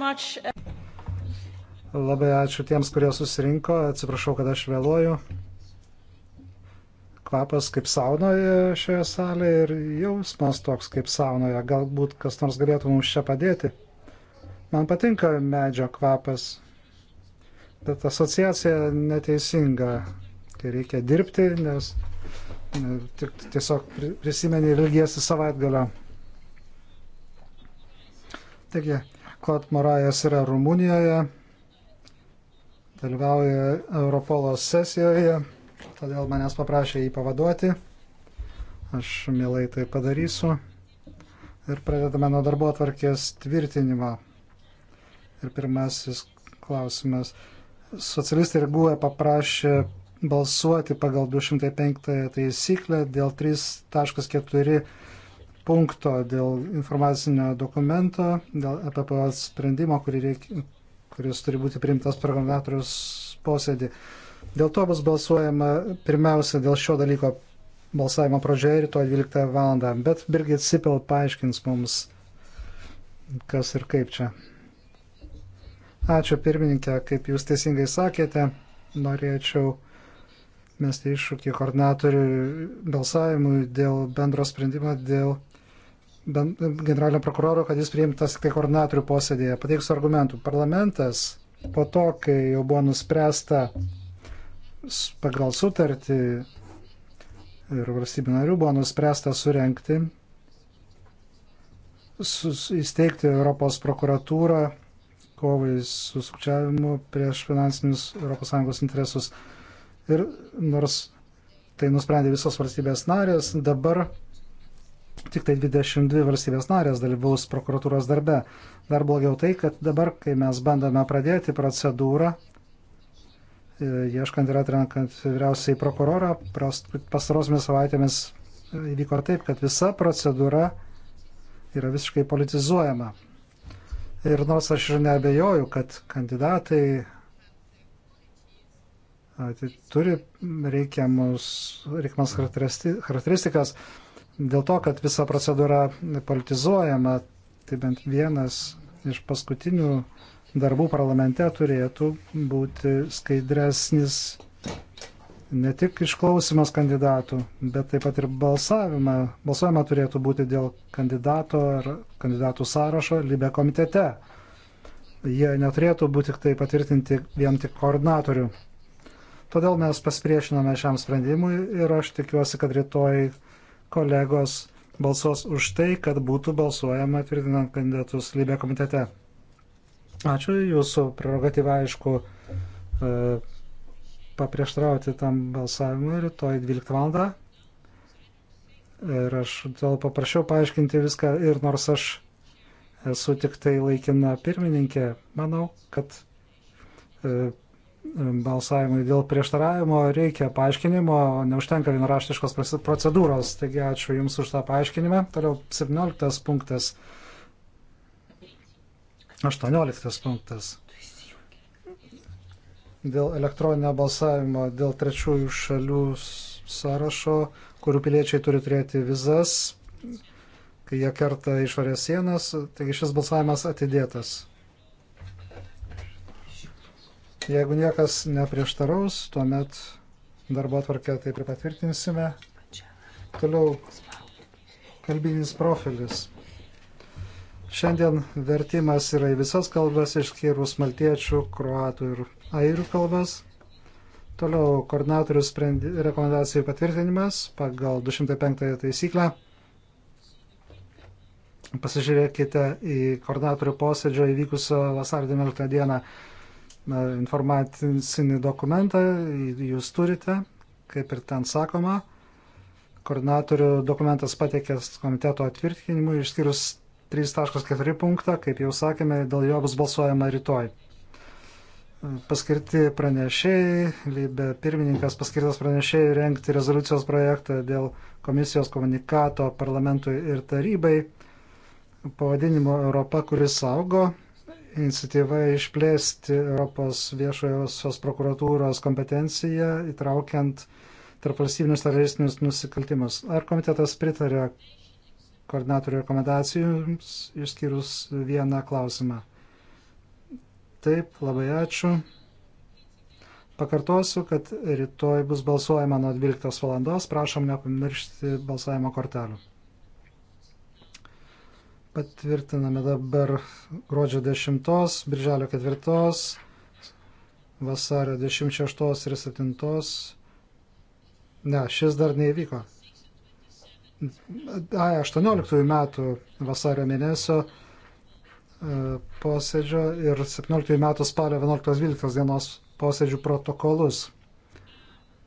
much. Labai ačiū tiems, kurie susirinko. Atsiprašau, kad aš vėluoju. Kvapas kaip saunoje šioje salėje ir jausmas toks kaip saunoje. Galbūt kas nors galėtų mums čia padėti. Man patinka medžio kvapas, bet asociacija neteisinga, kai reikia dirbti, nes tiesiog prisimeni ir ilgiesi savaitgalio. Taigi, Kot Morajas yra Rumunijoje, dalyvauja Europolo sesijoje, todėl manęs paprašė jį pavaduoti. Aš mielai tai padarysiu. Ir pradedame nuo darbo atvarkės tvirtinimo. Ir pirmasis klausimas. Socialistai ir GUE paprašė balsuoti pagal 205 taisyklę dėl 3.4 punkto dėl informacinio dokumento, dėl EPPO sprendimo, kuri reikia, kuris turi būti priimtas per koordinatorius posėdį. Dėl to bus balsuojama pirmiausia dėl šio dalyko balsavimo pradžioje rytoj 12 val. Bet Birgit Sipel paaiškins mums, kas ir kaip čia. Ačiū pirmininkė, kaip jūs teisingai sakėte, norėčiau mesti iššūkį koordinatorių balsavimui dėl bendro sprendimo, dėl generalinio prokuroro, kad jis priimtas tik koordinatorių posėdėje. Pateiksiu argumentų. Parlamentas po to, kai jau buvo nuspręsta pagal sutartį ir valstybių narių buvo nuspręsta surenkti, sus, įsteigti Europos prokuratūrą kovai su sukčiavimu prieš finansinius ES interesus. Ir nors tai nusprendė visos valstybės narės, dabar tik tai 22 valstybės narės dalyvaus prokuratūros darbe. Dar blogiau tai, kad dabar, kai mes bandome pradėti procedūrą, e, ieškant ir atrenkant vyriausiai prokurorą, pastarosiamis savaitėmis įvyko taip, kad visa procedūra yra visiškai politizuojama. Ir nors aš ir nebejoju, kad kandidatai tai turi reikiamus, reikiamas charakteristikas, dėl to, kad visa procedūra politizuojama, tai bent vienas iš paskutinių darbų parlamente turėtų būti skaidresnis ne tik išklausimas kandidatų, bet taip pat ir balsavimą. Balsuojama turėtų būti dėl kandidato ar kandidatų sąrašo Libe komitete. Jie neturėtų būti tik tai patvirtinti vien tik koordinatorių. Todėl mes pasipriešinome šiam sprendimui ir aš tikiuosi, kad rytoj kolegos balsuos už tai, kad būtų balsuojama tvirtinant kandidatus Libė komitete. Ačiū, jūsų prerogatyva aišku e, paprieštrauti tam balsavimui rytoj 12 val. Ir aš dėl paprašiau paaiškinti viską ir nors aš esu tik tai laikina pirmininkė, manau, kad e, balsavimui dėl prieštaravimo reikia paaiškinimo, neužtenka vienraštiškos procedūros. Taigi ačiū Jums už tą paaiškinimą. Toliau 17 punktas. 18 punktas. Dėl elektroninio balsavimo, dėl trečiųjų šalių sąrašo, kurių piliečiai turi turėti vizas, kai jie kerta išorės sienas, taigi šis balsavimas atidėtas. Jeigu niekas neprieštaraus, tuomet darbo atvarkę taip ir patvirtinsime. Toliau kalbinis profilis. Šiandien vertimas yra į visas kalbas išskyrus maltiečių, kroatų ir airių kalbas. Toliau koordinatorių sprendi, rekomendacijų patvirtinimas pagal 205 taisyklę. Pasižiūrėkite į koordinatorių posėdžio įvykusio vasarį 19 dieną informacinį dokumentą, jūs turite, kaip ir ten sakoma, koordinatorių dokumentas pateikęs komiteto atvirtinimui, išskyrus 3.4 punktą, kaip jau sakėme, dėl jo bus balsuojama rytoj. Paskirti pranešėjai, lybė pirmininkas paskirtas pranešėjai renkti rezoliucijos projektą dėl komisijos komunikato parlamentui ir tarybai pavadinimu Europa, kuris saugo iniciatyva išplėsti Europos viešojosios prokuratūros kompetenciją, įtraukiant tarp valstybinius teroristinius nusikaltimus. Ar komitetas pritarė koordinatorių rekomendacijoms, išskyrus vieną klausimą? Taip, labai ačiū. Pakartosiu, kad rytoj bus balsuojama nuo 12 valandos. Prašom nepamiršti balsavimo kortelių patvirtiname dabar gruodžio 10, birželio 4, vasario 26 ir 7. Ne, šis dar neįvyko. Ai, 18 metų vasario mėnesio e, posėdžio ir 17 metų spalio 11-12 dienos posėdžių protokolus.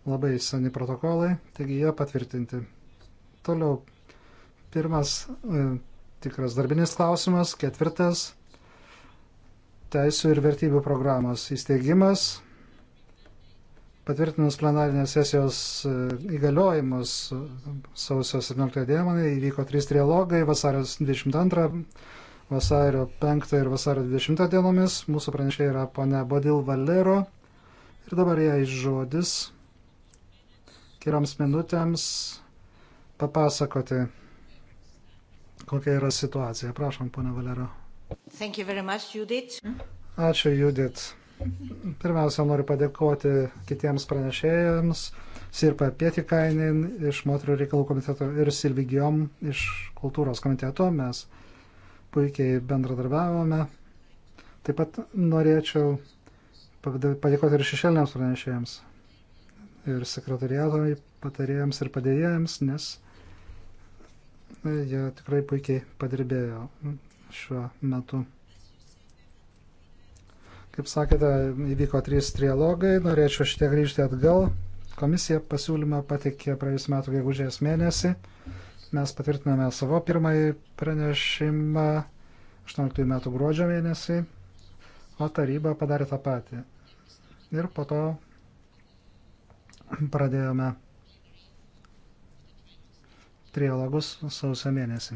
Labai seni protokolai, taigi jie patvirtinti. Toliau, pirmas e, tikras darbinis klausimas. Ketvirtas - teisų ir vertybių programos įsteigimas. Patvirtinus plenarinės sesijos e, įgaliojimus sausio 17 dieną įvyko trys trialogai vasario 22, vasario 5 ir vasario 20 dienomis. Mūsų pranešė yra ponia Bodil Valero ir dabar jai žodis kelioms minutėms papasakoti kokia yra situacija. Prašom, ponia Valero. Much, Judith. Ačiū, Judit. Pirmiausia, noriu padėkoti kitiems pranešėjams. Sirpa Pietikainin iš moterų reikalų komiteto ir Silvigijom iš kultūros komiteto. Mes puikiai bendradarbiavome. Taip pat norėčiau padėkoti ir šešėliniams pranešėjams, ir sekretariatoj patarėjams ir padėjėjams, nes jie tikrai puikiai padirbėjo šiuo metu. Kaip sakėte, įvyko trys trialogai, norėčiau šitie grįžti atgal. Komisija pasiūlymą patikė praėjus metų gegužės mėnesį. Mes patvirtiname savo pirmąjį pranešimą 18 metų gruodžio mėnesį, o taryba padarė tą patį. Ir po to pradėjome trialogus sausio mėnesį.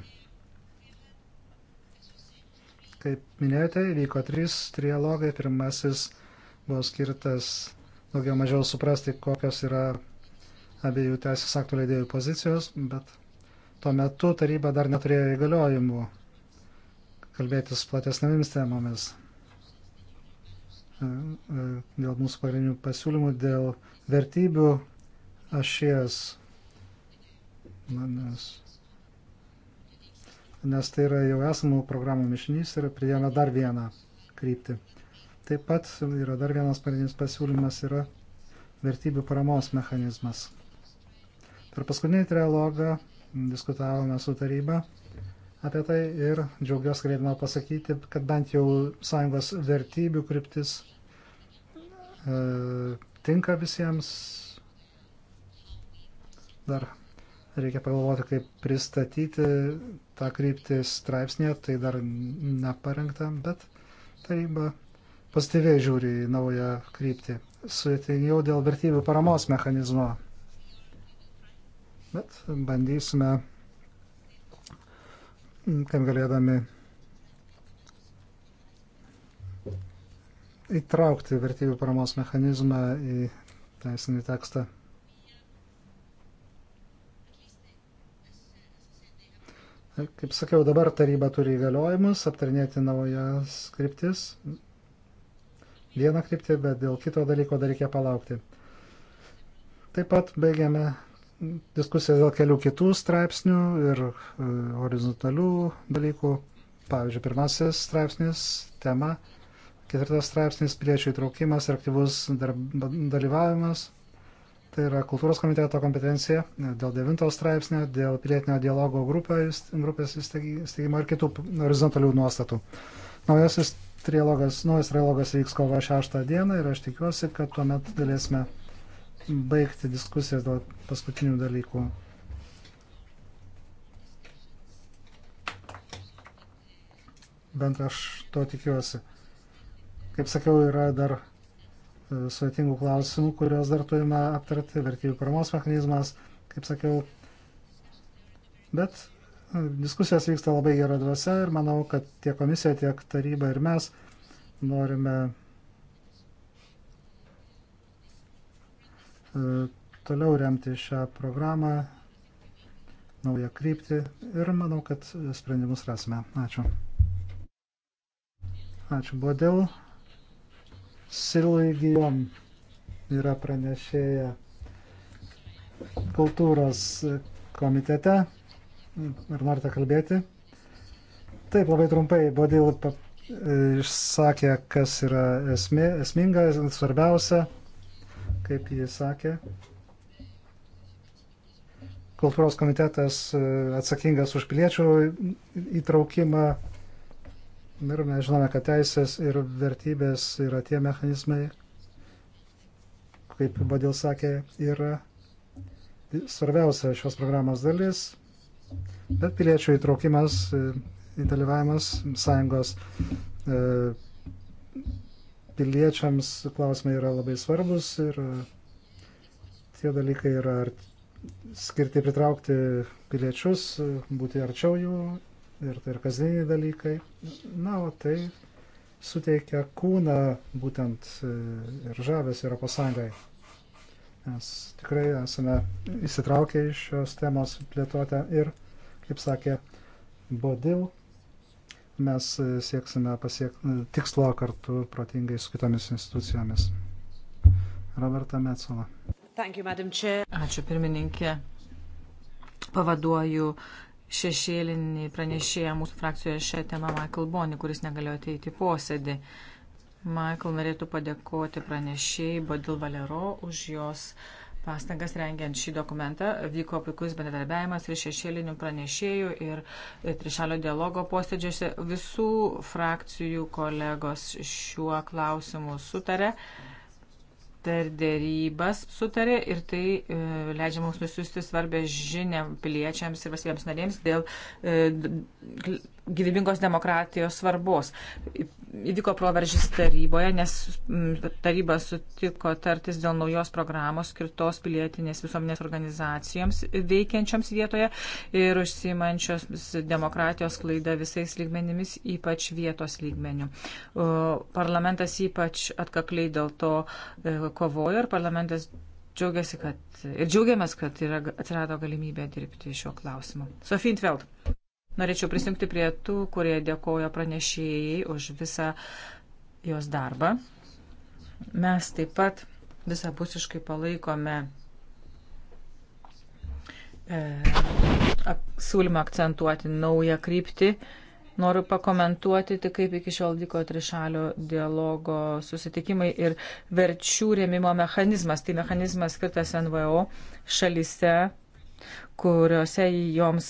Kaip minėjote, vyko trys trialogai. Pirmasis buvo skirtas daugiau mažiau suprasti, kokios yra abiejų teisės aktų leidėjų pozicijos, bet tuo metu taryba dar neturėjo įgaliojimų kalbėtis platesnėmis temomis e, e, dėl mūsų pagrindinių pasiūlymų, dėl vertybių ašies Na, nes, nes tai yra jau esamų programų mišinys ir pridėjome dar vieną kryptį. Taip pat yra dar vienas pagrindinis pasiūlymas yra vertybių paramos mechanizmas. Per paskutinį trialogą diskutavome su taryba apie tai ir džiaugiuosi galėdama pasakyti, kad bent jau sąjungos vertybių kryptis e, tinka visiems. Dar Reikia pagalvoti, kaip pristatyti tą kryptį straipsnėje, tai dar neparengta, bet taryba pozityviai žiūri į naują kryptį. Sudėtingiau dėl vertybių paramos mechanizmo. Bet bandysime, kaip galėdami, įtraukti vertybių paramos mechanizmą į teisinį tekstą. Kaip sakiau, dabar taryba turi įgaliojimus aptarinėti naujas kryptis. Vieną kryptį, bet dėl kito dalyko dar reikia palaukti. Taip pat baigiame diskusijas dėl kelių kitų straipsnių ir e, horizontalių dalykų. Pavyzdžiui, pirmasis straipsnis - tema, ketvirtas straipsnis - piliečių įtraukimas ir aktyvus darb, dalyvavimas, tai yra kultūros komiteto kompetencija dėl devinto straipsnio, dėl pilietinio dialogo grupės, grupės įsteigimo ir kitų horizontalių nuostatų. Naujasis trilogas, naujas trilogas vyks kovo 6 dieną ir aš tikiuosi, kad tuomet galėsime baigti diskusijas dėl paskutinių dalykų. Bent aš to tikiuosi. Kaip sakiau, yra dar E, svetingų klausimų, kuriuos dar turime aptarti, vertybių paramos mechanizmas, kaip sakiau. Bet e, diskusijos vyksta labai gerą dvasę ir manau, kad tiek komisija, tiek taryba ir mes norime e, toliau remti šią programą, naują kryptį ir manau, kad sprendimus rasime. Ačiū. Ačiū, Bodėl. Silai Gijom yra pranešėja kultūros komitete. Ar norite kalbėti? Taip, labai trumpai. Bodil išsakė, kas yra esmė, esminga, svarbiausia, kaip jis sakė. Kultūros komitetas e, atsakingas už piliečių įtraukimą Ir mes žinome, kad teisės ir vertybės yra tie mechanizmai, kaip Badil sakė, yra svarbiausia šios programos dalis, bet piliečių įtraukimas, dalyvavimas sąjungos e, piliečiams klausimai yra labai svarbus ir e, tie dalykai yra skirti pritraukti piliečius, būti arčiau jų ir tai ir kasdieniai dalykai. Na, o tai suteikia kūną būtent e, ir žavės Europos Sąjungai. Mes tikrai esame įsitraukę iš šios temos plėtotę ir, kaip sakė Bodil, mes e, sieksime pasiek, e, tikslo kartu protingai su kitomis institucijomis. Roberta Metzola. Ačiū pirmininkė. Pavaduoju šešėlinį pranešėją mūsų frakcijoje šią temą Michael Boni, kuris negalėjo ateiti į posėdį. Michael norėtų padėkoti pranešėjai Bodil Valero už jos pastangas rengiant šį dokumentą. Vyko puikus bendradarbiavimas ir šešėlinių pranešėjų ir trišalio dialogo posėdžiuose. Visų frakcijų kolegos šiuo klausimu sutarė per dėrybas sutarė ir tai e, leidžia mums nusiųsti svarbę žinę piliečiams ir valstybėms narėms dėl e, gyvybingos demokratijos svarbos. Įvyko proveržys taryboje, nes taryba sutiko tartis dėl naujos programos skirtos pilietinės visuomenės organizacijoms veikiančioms vietoje ir užsimančios demokratijos klaida visais lygmenimis, ypač vietos lygmenių. Parlamentas ypač atkakliai dėl to e, kovojo ir parlamentas džiaugiasi, kad ir džiaugiamės, kad yra, atsirado galimybė dirbti šiuo klausimu. Sofint Veld. Norėčiau prisijungti prie tų, kurie dėkoja pranešėjai už visą jos darbą. Mes taip pat visapusiškai palaikome e, ak, siūlymą akcentuoti naują kryptį. Noriu pakomentuoti tik, kaip iki šiol vyko trišalio dialogo susitikimai ir verčių rėmimo mechanizmas. Tai mechanizmas skirtas NVO šalyse kuriuose joms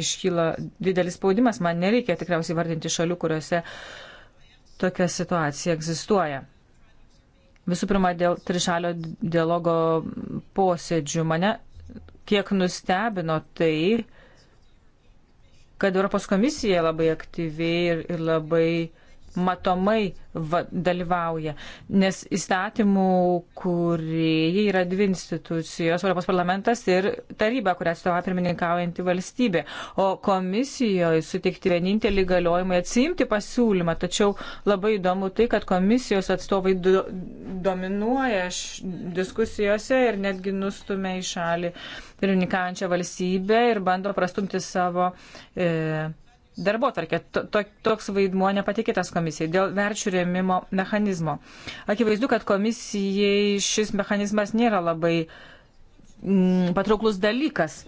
iškyla didelis spaudimas. Man nereikia tikriausiai vardinti šalių, kuriuose tokia situacija egzistuoja. Visų pirma, dėl trišalio dialogo posėdžių mane kiek nustebino tai, kad Europos komisija labai aktyviai ir, ir labai uh, matomai va, dalyvauja, nes įstatymų kuriejai yra dvi institucijos - Europos parlamentas ir taryba, kurią atstovauja pirmininkaujanti valstybė. O komisijoje sutikti vienintelį galiojimą atsiimti pasiūlymą, tačiau labai įdomu tai, kad komisijos atstovai do, dominuoja diskusijose ir netgi nustumia į šalį pirmininkaujančią valstybę ir bando prastumti savo e, darbo tarkė. To, to, toks vaidmuo nepatikėtas komisijai dėl verčių rėmimo mechanizmo. Akivaizdu, kad komisijai šis mechanizmas nėra labai mm, patrauklus dalykas.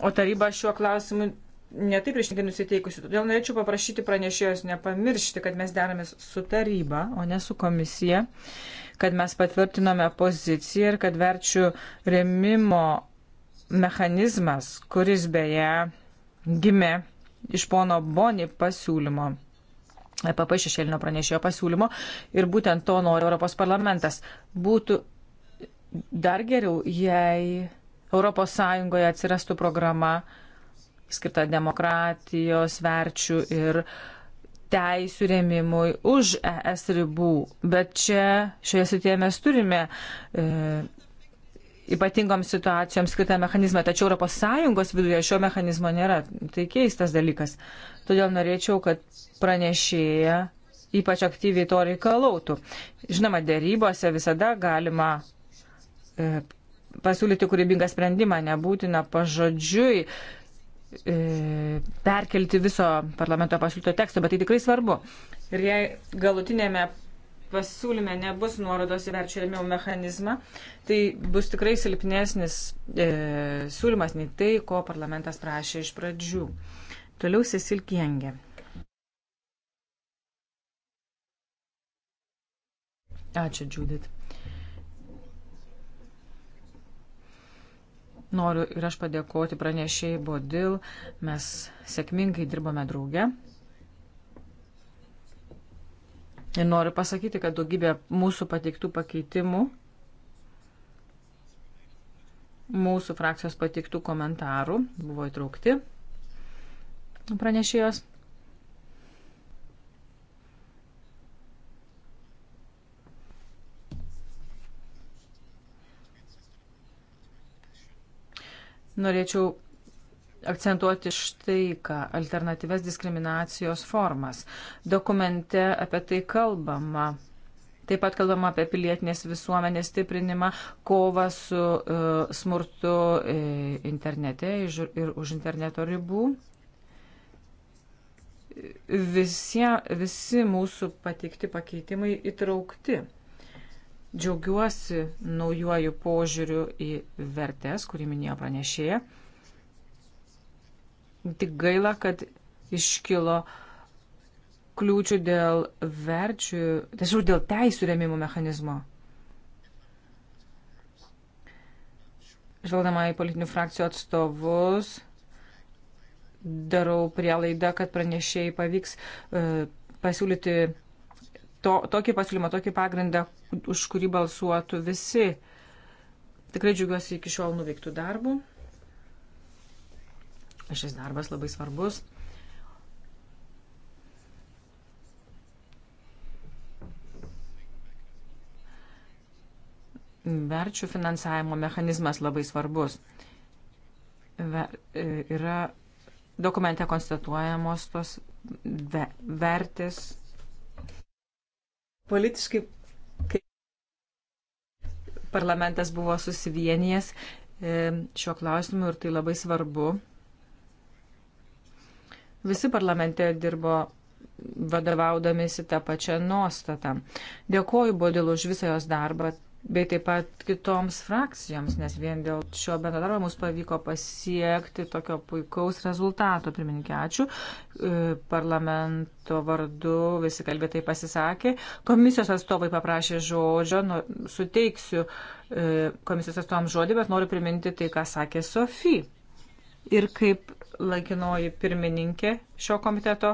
O taryba šiuo klausimu netaip ryštingai nusiteikusi. Todėl norėčiau paprašyti pranešėjos nepamiršti, kad mes deramės su taryba, o ne su komisija, kad mes patvirtinome poziciją ir kad verčių remimo mechanizmas, kuris beje gimė iš pono Boni pasiūlymo. EPP šešėlinio pranešėjo pasiūlymo ir būtent to nori Europos parlamentas. Būtų dar geriau, jei Europos Sąjungoje atsirastų programa skirta demokratijos verčių ir teisų rėmimui už ES ribų. Bet čia šioje srityje mes turime e, ypatingoms situacijoms skirtą mechanizmą, tačiau ES viduje šio mechanizmo nėra. Tai keistas dalykas. Todėl norėčiau, kad pranešėja ypač aktyviai to reikalautų. Žinoma, dėrybose visada galima e, pasiūlyti kūrybingą sprendimą, nebūtina pažodžiui e, perkelti viso parlamento pasiūlyto teksto, bet tai tikrai svarbu. Ir jei galutinėme pasiūlyme nebus nuorodos į verčiamio mechanizmą, tai bus tikrai silpnesnis e, siūlymas nei tai, ko parlamentas prašė iš pradžių. Toliau Cecil Kiengė. Ačiū, Judith. Noriu ir aš padėkoti pranešėjai Bodil. Mes sėkmingai dirbame drauge. Ir noriu pasakyti, kad daugybė mūsų pateiktų pakeitimų, mūsų frakcijos pateiktų komentarų buvo įtraukti pranešėjos. Norėčiau akcentuoti štai ką - alternatyves diskriminacijos formas. Dokumente apie tai kalbama. Taip pat kalbama apie pilietinės visuomenės stiprinimą, kovą su uh, smurtu uh, internete ir už interneto ribų. Visi, visi mūsų pateikti pakeitimai įtraukti džiaugiuosi naujuoju požiūriu į vertės, kurį minėjo pranešėja. Tik gaila, kad iškilo kliūčių dėl verčių, tiesiog dėl teisų remimo mechanizmo. Žvelgdama į politinių frakcijų atstovus, darau prielaidą, kad pranešėjai pavyks uh, pasiūlyti to, tokį pasiūlymą, tokį pagrindą, už kurį balsuotų visi. Tikrai džiugiuosi iki šiol nuveiktų darbų. Šis darbas labai svarbus. Verčių finansavimo mechanizmas labai svarbus. Ver, e, yra dokumente konstatuojamos tos ve, vertės. Politiškai parlamentas buvo susivienijęs e, šiuo klausimu ir tai labai svarbu. Visi parlamente dirbo vadovaudamėsi tą pačią nuostatą. Dėkoju Bodil už visą jos darbą, bei taip pat kitoms frakcijoms, nes vien dėl šio bendradarbo mums pavyko pasiekti tokio puikaus rezultato. Pirmininkė, ačiū. E, parlamento vardu visi kalbėtai pasisakė. Komisijos atstovai paprašė žodžio, nu, suteiksiu e, komisijos atstovams žodį, bet noriu priminti tai, ką sakė Sofija ir kaip laikinoji pirmininkė šio komiteto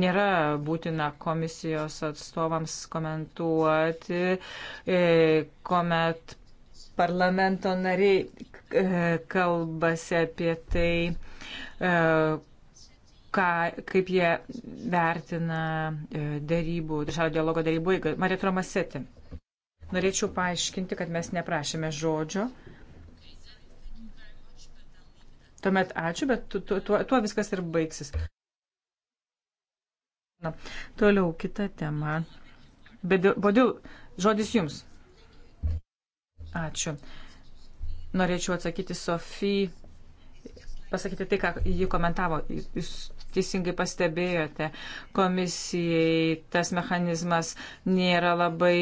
nėra būtina komisijos atstovams komentuoti, e, kuomet parlamento nariai e, kalbasi apie tai, e, ką, kaip jie vertina darybų, šalio dialogo darybų. Marija Tromasetin. Norėčiau paaiškinti, kad mes neprašėme žodžio. Tuomet ačiū, bet tu, tu, tuo, tuo viskas ir baigsis. Na, toliau kita tema. Bodil, žodis jums. Ačiū. Norėčiau atsakyti Sofijai pasakyti tai, ką jį komentavo. Jūs teisingai pastebėjote, komisijai tas mechanizmas nėra labai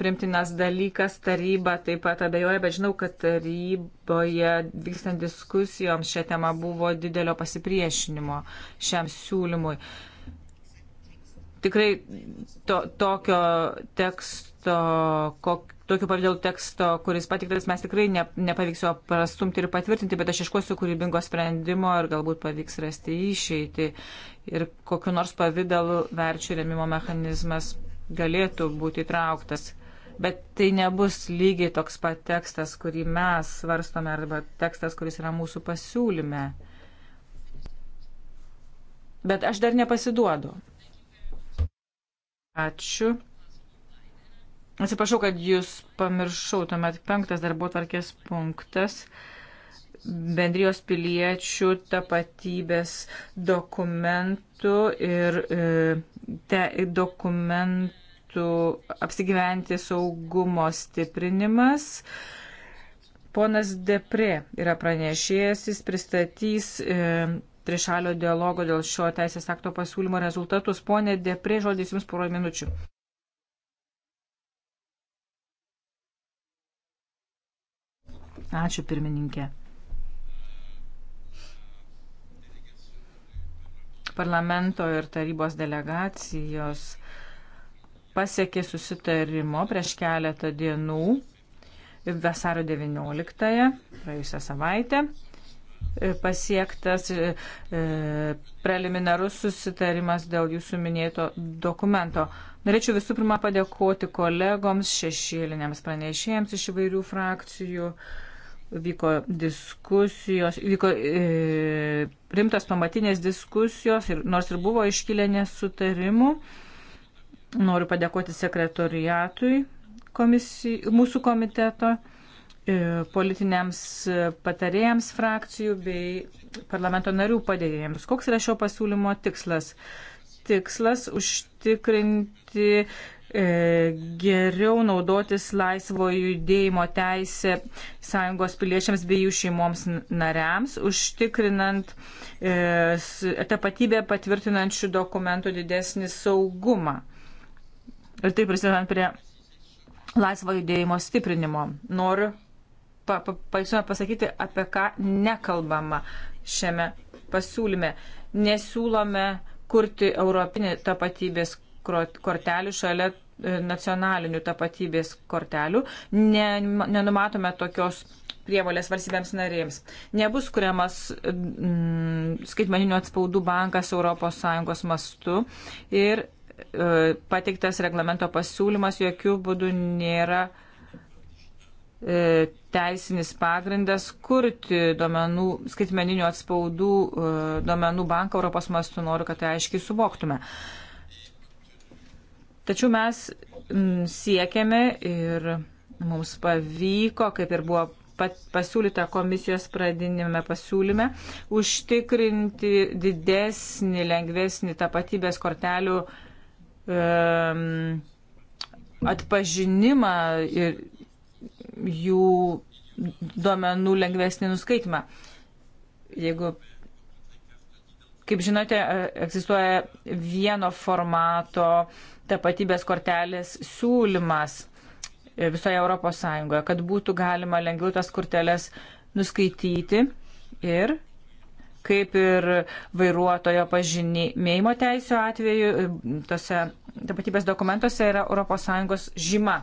primtinas dalykas, taryba taip pat abejoja, bet žinau, kad taryboje vykstant diskusijoms šią temą buvo didelio pasipriešinimo šiam siūlymui. Tikrai to, tokio teksto, kok, tokiu pavydalu teksto, kuris patiktas, mes tikrai ne, nepavyks jo prastumti ir patvirtinti, bet aš iškuosiu kūrybingo sprendimo ir galbūt pavyks rasti išeitį. Ir kokiu nors pavydalu verčių remimo mechanizmas galėtų būti įtrauktas. Bet tai nebus lygiai toks pat tekstas, kurį mes svarstome, arba tekstas, kuris yra mūsų pasiūlyme. Bet aš dar nepasiduodu. Ačiū. Atsiprašau, kad jūs pamiršau, tuomet penktas darbo tvarkės punktas bendrijos piliečių tapatybės dokumentų ir e, te, dokumentų apsigyventi saugumo stiprinimas. Ponas Depre yra pranešėjęs, jis pristatys e, trišalio dialogo dėl šio teisės akto pasiūlymo rezultatus. Pone Depre, žodis jums porą minučių. Ačiū pirmininkė. Parlamento ir tarybos delegacijos pasiekė susitarimo prieš keletą dienų vasario 19-ąją, praėjusią savaitę, pasiektas e, preliminarus susitarimas dėl jūsų minėto dokumento. Norėčiau visų pirma padėkoti kolegoms, šešėliniams pranešėjams iš įvairių frakcijų. Uh, vyko diskusijos, vyko e, rimtos pamatinės diskusijos ir nors ir buvo iškilę nesutarimų, noriu padėkoti sekretoriatui komisijų, mūsų komiteto, e, politiniams patarėjams frakcijų bei parlamento narių padėjėjams. Koks yra šio pasiūlymo tikslas? Tikslas užtikrinti E, geriau naudotis laisvo judėjimo teisė sąjungos piliečiams bei jų šeimoms nariams, užtikrinant e, tapatybę patvirtinančių dokumentų didesnį saugumą. Ir taip prisidedant prie laisvo judėjimo stiprinimo. Noriu pa, pa, pa, pasakyti, apie ką nekalbama šiame pasiūlyme. Nesiūlome kurti europinį tapatybės kortelių šalia nacionalinių tapatybės kortelių, ne, nenumatome tokios prievalės valstybėms narėms. Nebus kuriamas mm, skaitmeninių atspaudų bankas ES mastu ir e, pateiktas reglamento pasiūlymas jokių būdų nėra e, teisinis pagrindas kurti domenų, skaitmeninių atspaudų e, domenų banką Europos mastu. Noriu, kad tai aiškiai suvoktume. E, Tačiau mes siekiame ir mums pavyko, kaip ir buvo pasiūlyta komisijos pradinėme pasiūlyme, užtikrinti didesnį, lengvesnį tapatybės kortelių um, atpažinimą ir jų duomenų lengvesnį nuskaitimą. Jeigu, kaip žinote, e, egzistuoja vieno formato uh, tapatybės kortelės siūlymas visoje Europos Sąjungoje, kad būtų galima lengviau tas korteles nuskaityti ir kaip ir vairuotojo pažinėjimo teisų atveju, tose tapatybės dokumentuose yra ES žyma.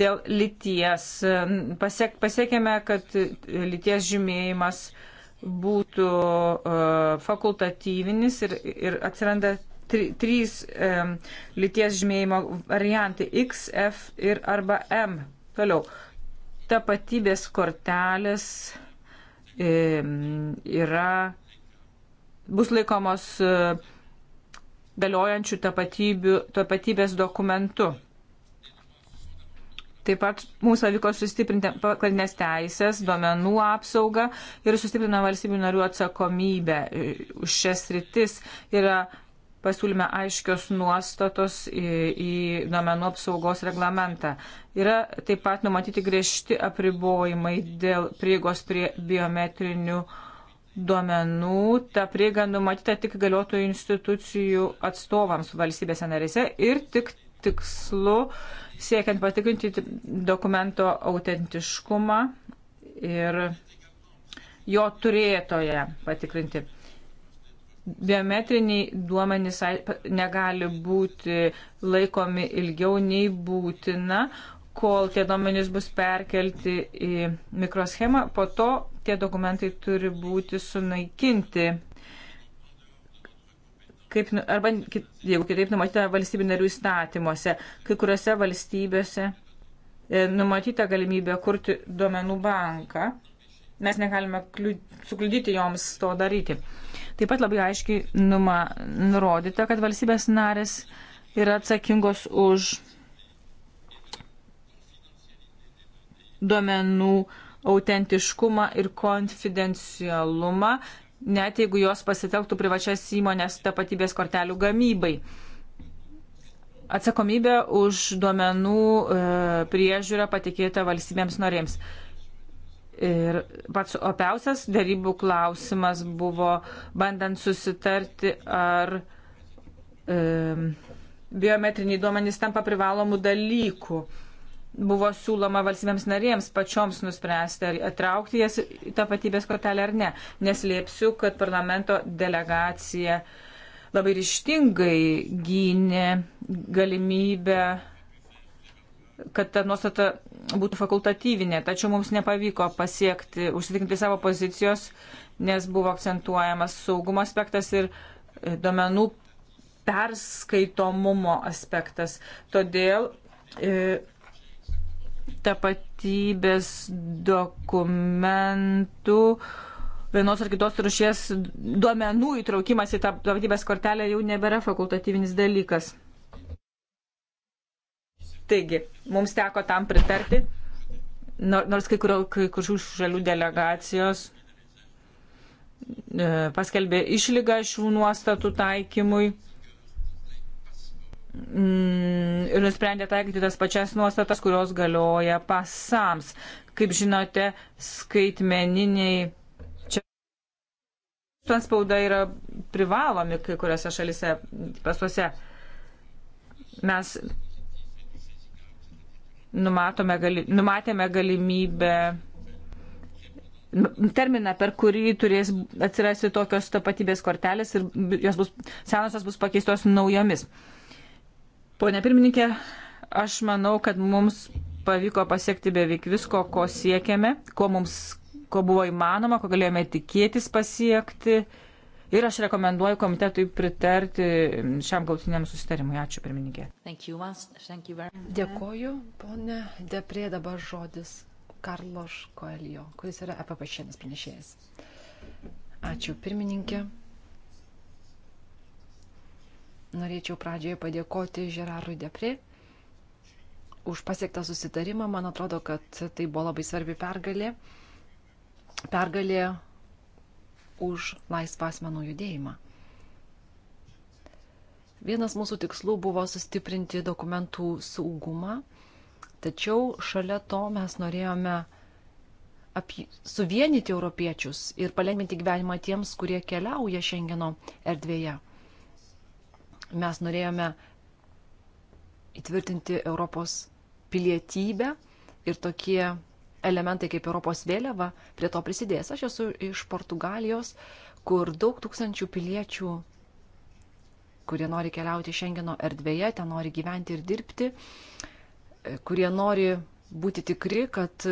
Dėl lyties pasiek, pasiekėme, kad lyties žymėjimas būtų uh, fakultatyvinis ir, ir atsiranda tri, trys e, lyties žymėjimo variantai - X, F ir arba M. Toliau. Tapatybės kortelės e, yra, bus laikomos e, galiojančių tapatybės dokumentu. Taip pat mums pavyko sustiprinti pagrindinės teisės, duomenų apsaugą ir sustiprina valstybių narių atsakomybę e, už šias rytis. Yra pasiūlyme aiškios nuostatos į, į duomenų apsaugos reglamentą. Yra taip pat numatyti griežti apribojimai dėl prieigos prie biometrinių duomenų. Ta prieiga numatyta tik galiotų institucijų atstovams valstybėse narėse ir tik tikslu siekiant patikrinti dokumento autentiškumą ir jo turėtoje patikrinti biometriniai duomenys negali būti laikomi ilgiau nei būtina, kol tie duomenys bus perkelti į mikroschemą, po to tie dokumentai turi būti sunaikinti. Kaip, nu, arba, jeigu kitaip numatyta valstybių narių įstatymuose, kai kuriuose valstybėse e, numatyta galimybė kurti duomenų banką, mes negalime kliu, sukliudyti joms to daryti. E, Taip pat labai aiškiai numa, nurodyta, kad valstybės narės yra atsakingos už duomenų autentiškumą ir konfidencialumą, net jeigu jos pasitelktų privačias įmonės tapatybės kortelių gamybai. Atsakomybė už duomenų e, priežiūrą patikėta valstybėms norėms. Ir pats opiausias darybų klausimas buvo, bandant susitarti, ar e, biometriniai duomenys tampa privalomų dalykų. Buvo siūloma valstybėms narėms pačioms nuspręsti, ar atraukti jas į tapatybės kortelę ar ne. Neslėpsiu, kad parlamento delegacija labai ryštingai gynė galimybę kad ta nuostata būtų fakultatyvinė, tačiau mums nepavyko pasiekti, užsitikrinti savo pozicijos, nes buvo akcentuojamas saugumo aspektas ir e, duomenų perskaitomumo aspektas. Todėl e, tapatybės dokumentų vienos ar kitos rušies duomenų įtraukimas į tą tapatybės kortelę jau nebėra fakultatyvinis dalykas. Taigi, mums teko tam pritarti, nors kai kurių kai šalių delegacijos e, paskelbė išlygą šių nuostatų taikymui mm, ir nusprendė taikyti tas pačias nuostatas, kurios galioja pasams. Kaip žinote, skaitmeniniai čia transpauda yra privalomi kai kuriuose šalise pasuose. Mes numatome, gali, numatėme galimybę nu, terminą, per kurį turės atsirasti tokios tapatybės kortelės ir jos bus, senosios bus pakeistos naujomis. Pone pirmininkė, aš manau, kad mums pavyko pasiekti beveik visko, ko siekėme, ko mums, ko buvo įmanoma, ko galėjome tikėtis pasiekti. Ir aš rekomenduoju komitetui pritarti šiam galtiniam susitarimui. Ačiū, pirmininkė. Dėkoju, ponė Deprė, dabar žodis Karloš Koelio, kuris yra EPP šiandien pranešėjas. Ačiū, pirmininkė. Norėčiau pradžioje padėkoti Žerarui Deprė už pasiektą susitarimą. Man atrodo, kad tai buvo labai svarbi pergalė. Pergalė už laisvą asmenų judėjimą. Vienas mūsų tikslų buvo sustiprinti dokumentų saugumą, tačiau šalia to mes norėjome apie, suvienyti europiečius ir palengvinti gyvenimą tiems, kurie keliauja Šengeno erdvėje. Mes norėjome įtvirtinti Europos pilietybę ir tokie elementai kaip Europos vėliava prie to prisidės. Aš esu iš Portugalijos, kur daug tūkstančių piliečių, kurie nori keliauti Šengeno erdvėje, ten nori gyventi ir dirbti, kurie nori būti tikri, kad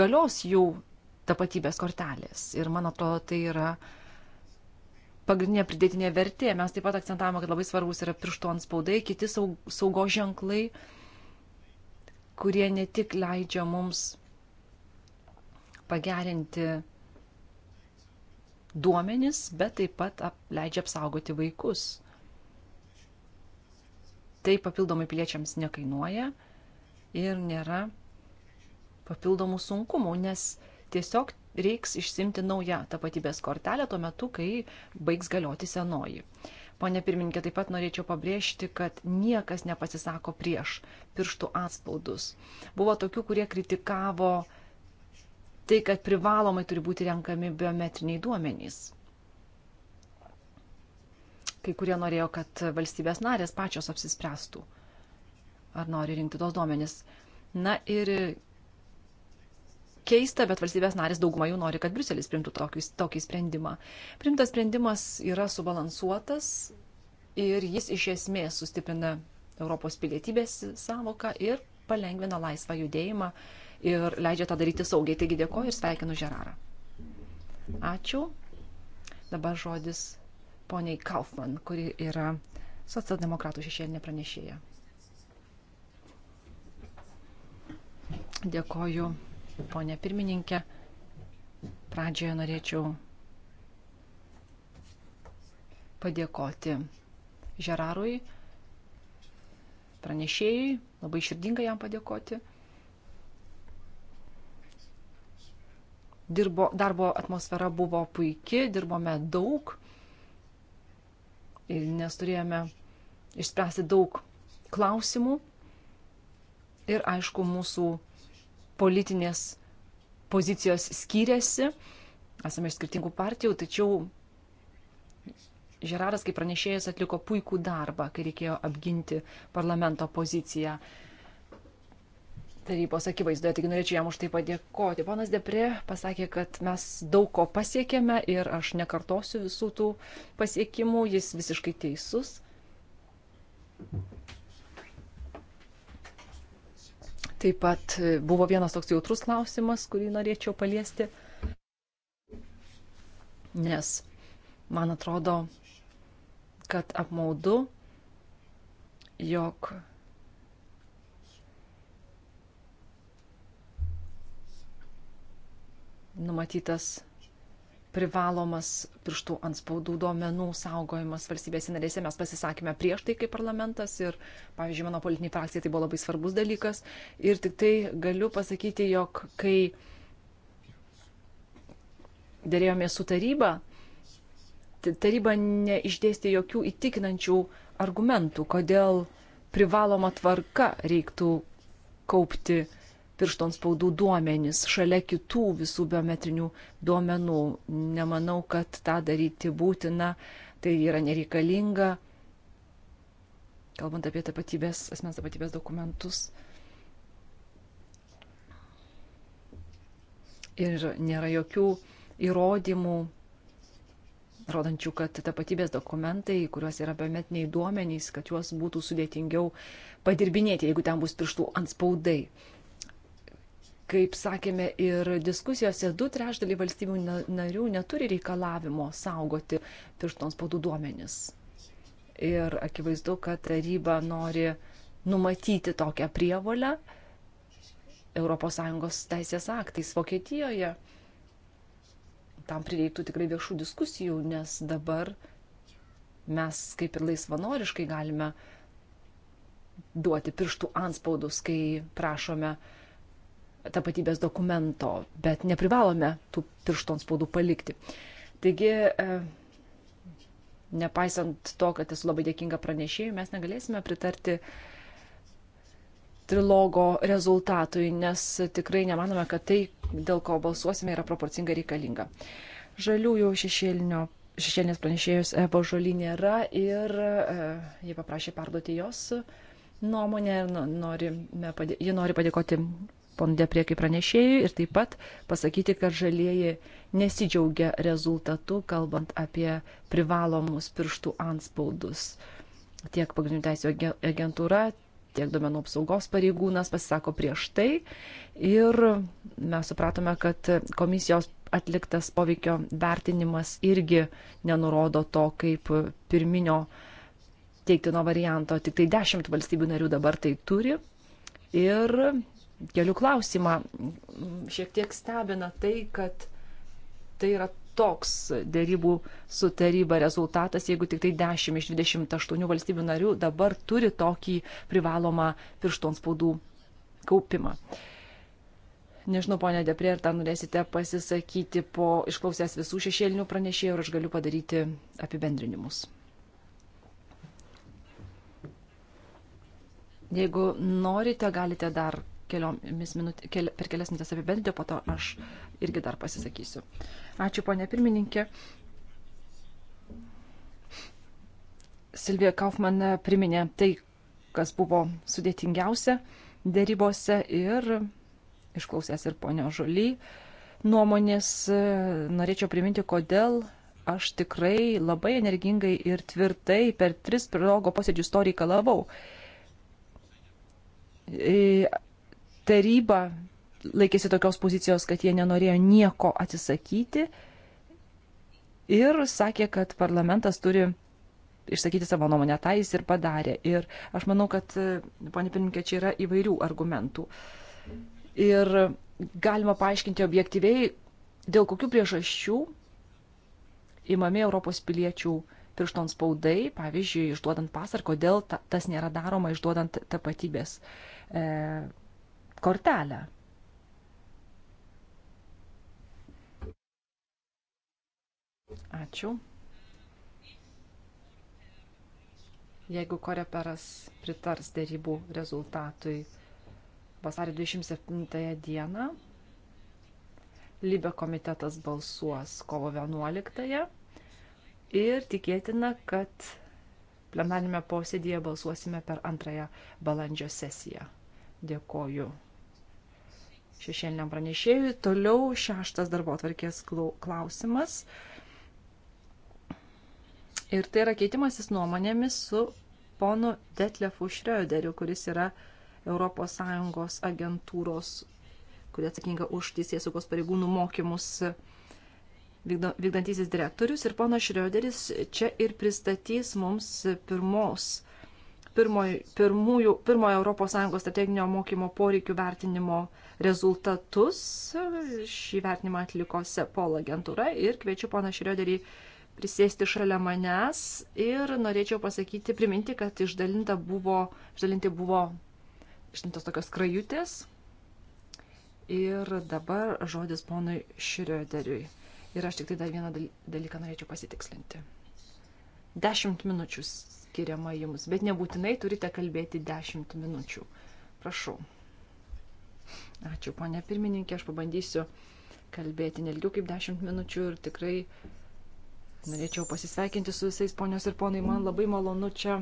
galios jų tapatybės kortelės. Ir man atrodo, tai yra pagrindinė pridėtinė vertė. Mes taip pat akcentavome, kad labai svarbus yra pirštų ant spaudai, kiti saugos ženklai, kurie ne tik leidžia mums pagerinti duomenis, bet taip pat ap, leidžia apsaugoti vaikus. Tai papildomai piliečiams nekainuoja ir nėra papildomų sunkumų, nes tiesiog reiks išsimti naują tapatybės kortelę tuo metu, kai baigs galioti senoji. Pone pirmininkė, taip pat norėčiau pabrėžti, kad niekas nepasisako prieš pirštų atspaudus. Buvo tokių, kurie kritikavo uh, tai, kad privalomai turi būti renkami biometriniai duomenys. Kai kurie norėjo, kad valstybės narės pačios apsispręstų, ar nori rinkti tos duomenys. Na ir keista, bet valstybės narės dauguma jų nori, kad Briuselis primtų tokį, tokį sprendimą. Primtas sprendimas yra subalansuotas ir jis iš esmės sustiprina Europos pilietybės savoką ir palengvina laisvą judėjimą uh, ir leidžia tą daryti saugiai. Taigi dėkoju ir sveikinu Žerarą. Ačiū. Dabar žodis poniai Kaufman, kuri yra socialdemokratų šešėlinė pranešėja. Dėkoju, ponė pirmininkė. Pradžioje norėčiau padėkoti Žerarui, pranešėjui, labai širdingai jam padėkoti. dirbo, darbo atmosfera buvo puikia, dirbome daug ir nes turėjome išspręsti daug klausimų ir aišku, mūsų politinės pozicijos skyrėsi, esame iš skirtingų partijų, tačiau Žeraras kaip pranešėjas atliko puikų darbą, kai reikėjo apginti parlamento poziciją. Uh, tarybos akivaizdoje, taigi norėčiau jam už tai padėkoti. Ponas Depri pasakė, kad mes daug ko pasiekėme ir aš nekartosiu visų tų pasiekimų, jis visiškai teisus. Taip pat buvo vienas toks jautrus klausimas, kurį norėčiau paliesti, nes man atrodo, kad apmaudu, jog numatytas privalomas pirštų ant spaudų duomenų saugojimas valstybėse narėse. Mes pasisakėme prieš tai kaip parlamentas ir, pavyzdžiui, mano politiniai frakcijai tai buvo labai svarbus dalykas. Ir tik tai galiu pasakyti, jog kai dėrėjome su taryba, taryba neišdėstė jokių įtikinančių argumentų, kodėl privaloma tvarka reiktų kaupti piršto spaudų duomenys šalia kitų visų biometrinių duomenų. Nemanau, kad tą daryti būtina, tai yra nereikalinga, kalbant apie tapatybės, asmens tapatybės dokumentus. Ir nėra jokių įrodymų, rodančių, kad tapatybės dokumentai, kuriuos yra biometriniai duomenys, kad juos būtų sudėtingiau padirbinėti, jeigu ten bus pirštų ant spaudai. Kaip sakėme ir diskusijose, du trešdaliai valstybių narių neturi reikalavimo saugoti pirštons spaudų duomenis. Ir akivaizdu, kad taryba nori numatyti tokią prievolę ES teisės aktais Vokietijoje. Tam prireiktų tikrai viešų diskusijų, nes dabar mes kaip ir laisvanoriškai galime duoti pirštų anspaudus, kai prašome uh, tapatybės dokumento, bet neprivalome tų pirštų ant spaudų palikti. Taigi, e, nepaisant to, kad esu labai dėkinga pranešėjui, mes negalėsime pritarti trilogo rezultatui, nes tikrai nemanome, kad tai, dėl ko balsuosime, yra proporcinga reikalinga. Žaliųjų šešėlinio šešėlinės pranešėjus Evo Žoly nėra ir e, jie paprašė perduoti jos nuomonę ir norime, padė, ji nori padėkoti ponde prieki pranešėjui ir taip pat pasakyti, kad žalieji nesidžiaugia rezultatu, kalbant apie privalomus pirštų anspaudus. Tiek pagrindinių teisų agentūra, tiek domenų apsaugos pareigūnas pasisako prieš tai ir mes supratome, kad komisijos atliktas poveikio vertinimas irgi nenurodo to kaip pirminio teiktino varianto, tik tai 10 valstybių narių dabar tai turi ir keliu klausimą. Šiek tiek stebina tai, kad tai yra toks dėrybų su taryba rezultatas, jeigu tik tai 10 iš 28 valstybių narių dabar turi tokį privalomą pirštons spaudų kaupimą. Nežinau, ponė Deprė, ar dar norėsite pasisakyti po išklausęs visų šešėlinių pranešėjų ir aš galiu padaryti apibendrinimus. Jeigu norite, galite dar minut, kel, per kelias minutės apibendrinti, po to aš irgi dar pasisakysiu. Ačiū, ponė pirmininkė. Silvija Kaufman priminė tai, kas buvo sudėtingiausia dėrybose ir išklausęs ir ponio Žoly nuomonės, norėčiau priminti, kodėl aš tikrai labai energingai ir tvirtai per tris prirogo posėdžius to reikalavau. E, taryba laikėsi tokios pozicijos, kad jie nenorėjo nieko atsisakyti ir sakė, kad parlamentas turi išsakyti savo nuomonę, tą jis ir padarė. Ir aš manau, kad, ponė pirmininkė, čia yra įvairių argumentų. Ir galima paaiškinti objektyviai, dėl kokių priežasčių įmami Europos piliečių piršton spaudai, pavyzdžiui, išduodant pasar, kodėl ta, tas nėra daroma išduodant tapatybės e, kortelę. Ačiū. Jeigu koreperas pritars dėrybų rezultatui vasario 27 dieną, Libe komitetas balsuos kovo 11 ir tikėtina, kad plenarinėme posėdėje balsuosime per antrąją balandžio sesiją. Dėkoju šešėliniam pranešėjui. Toliau šeštas darbo atvarkės klausimas. Ir tai yra keitimasis nuomonėmis su ponu Detlefu Šrioderiu, kuris yra ES agentūros, kuri atsakinga už teisėsaugos pareigūnų mokymus vykdantysis direktorius. Ir ponas Šrioderis čia ir pristatys mums pirmos pirmoj, pirmųjų, pirmojo ES strateginio mokymo poreikių vertinimo rezultatus. Šį vertinimą atliko SEPOL agentūra ir kviečiu pana Šrioderį prisėsti šalia manęs ir norėčiau pasakyti, priminti, kad išdalinta buvo, išdalinti buvo išdalintos tokios krajutės. Ir dabar žodis ponui Šrioderiui. Ir aš tik tai dar vieną dalyką norėčiau pasitikslinti. Dešimt minučius skiriama jums, bet nebūtinai turite kalbėti 10 minučių. Prašau. Ačiū, ponė pirmininkė, aš pabandysiu kalbėti nelgiau kaip 10 minučių ir tikrai norėčiau pasisveikinti su visais ponios ir ponai. Man labai malonu čia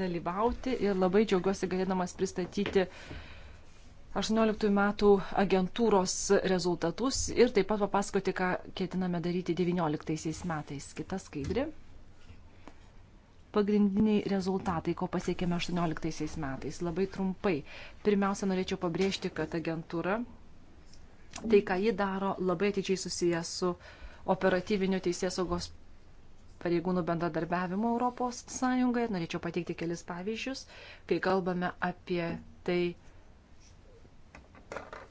dalyvauti ir labai džiaugiuosi galėdamas pristatyti 18 metų agentūros rezultatus ir taip pat papasakoti, ką ketiname daryti 19 metais. Kita skaidri pagrindiniai rezultatai, ko pasiekėme 18 metais. Labai trumpai. Pirmiausia, norėčiau pabrėžti, kad agentūra, tai ką ji daro, labai atidžiai susijęs su operatyviniu teisėsaugos pareigūnų bendradarbiavimu Europos Sąjungoje. Norėčiau pateikti kelis pavyzdžius, kai kalbame apie tai,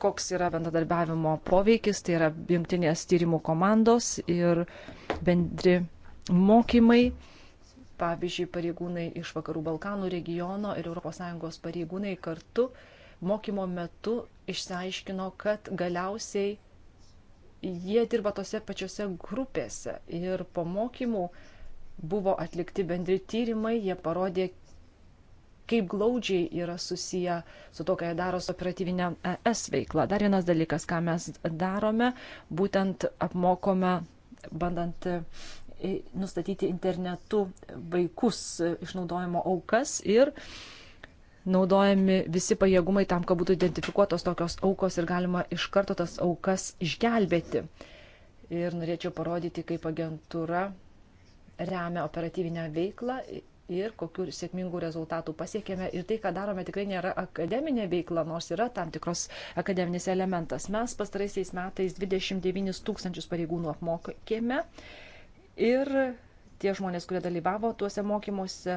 koks yra bendradarbiavimo poveikis, tai yra jungtinės tyrimų komandos ir bendri mokymai Pavyzdžiui, pareigūnai iš Vakarų Balkanų regiono ir ES pareigūnai kartu mokymo metu išsiaiškino, kad galiausiai jie dirba tose pačiose grupėse ir po mokymų buvo atlikti bendri tyrimai, jie parodė, kaip glaudžiai yra susiję su to, ką jie daro su operatyvinė ES veikla. Dar vienas dalykas, ką mes darome, būtent apmokome, bandant nustatyti internetu vaikus išnaudojimo aukas ir naudojami visi pajėgumai tam, kad būtų identifikuotos tokios aukos ir galima iš karto tas aukas išgelbėti. Ir norėčiau parodyti, kaip agentūra remia operatyvinę veiklą ir kokiu sėkmingų rezultatų pasiekėme. Ir tai, ką darome, tikrai nėra akademinė veikla, nors yra tam tikros akademinis elementas. Mes pastaraisiais metais 29 tūkstančius pareigūnų apmokėme Ir tie žmonės, kurie dalyvavo tuose mokymuose,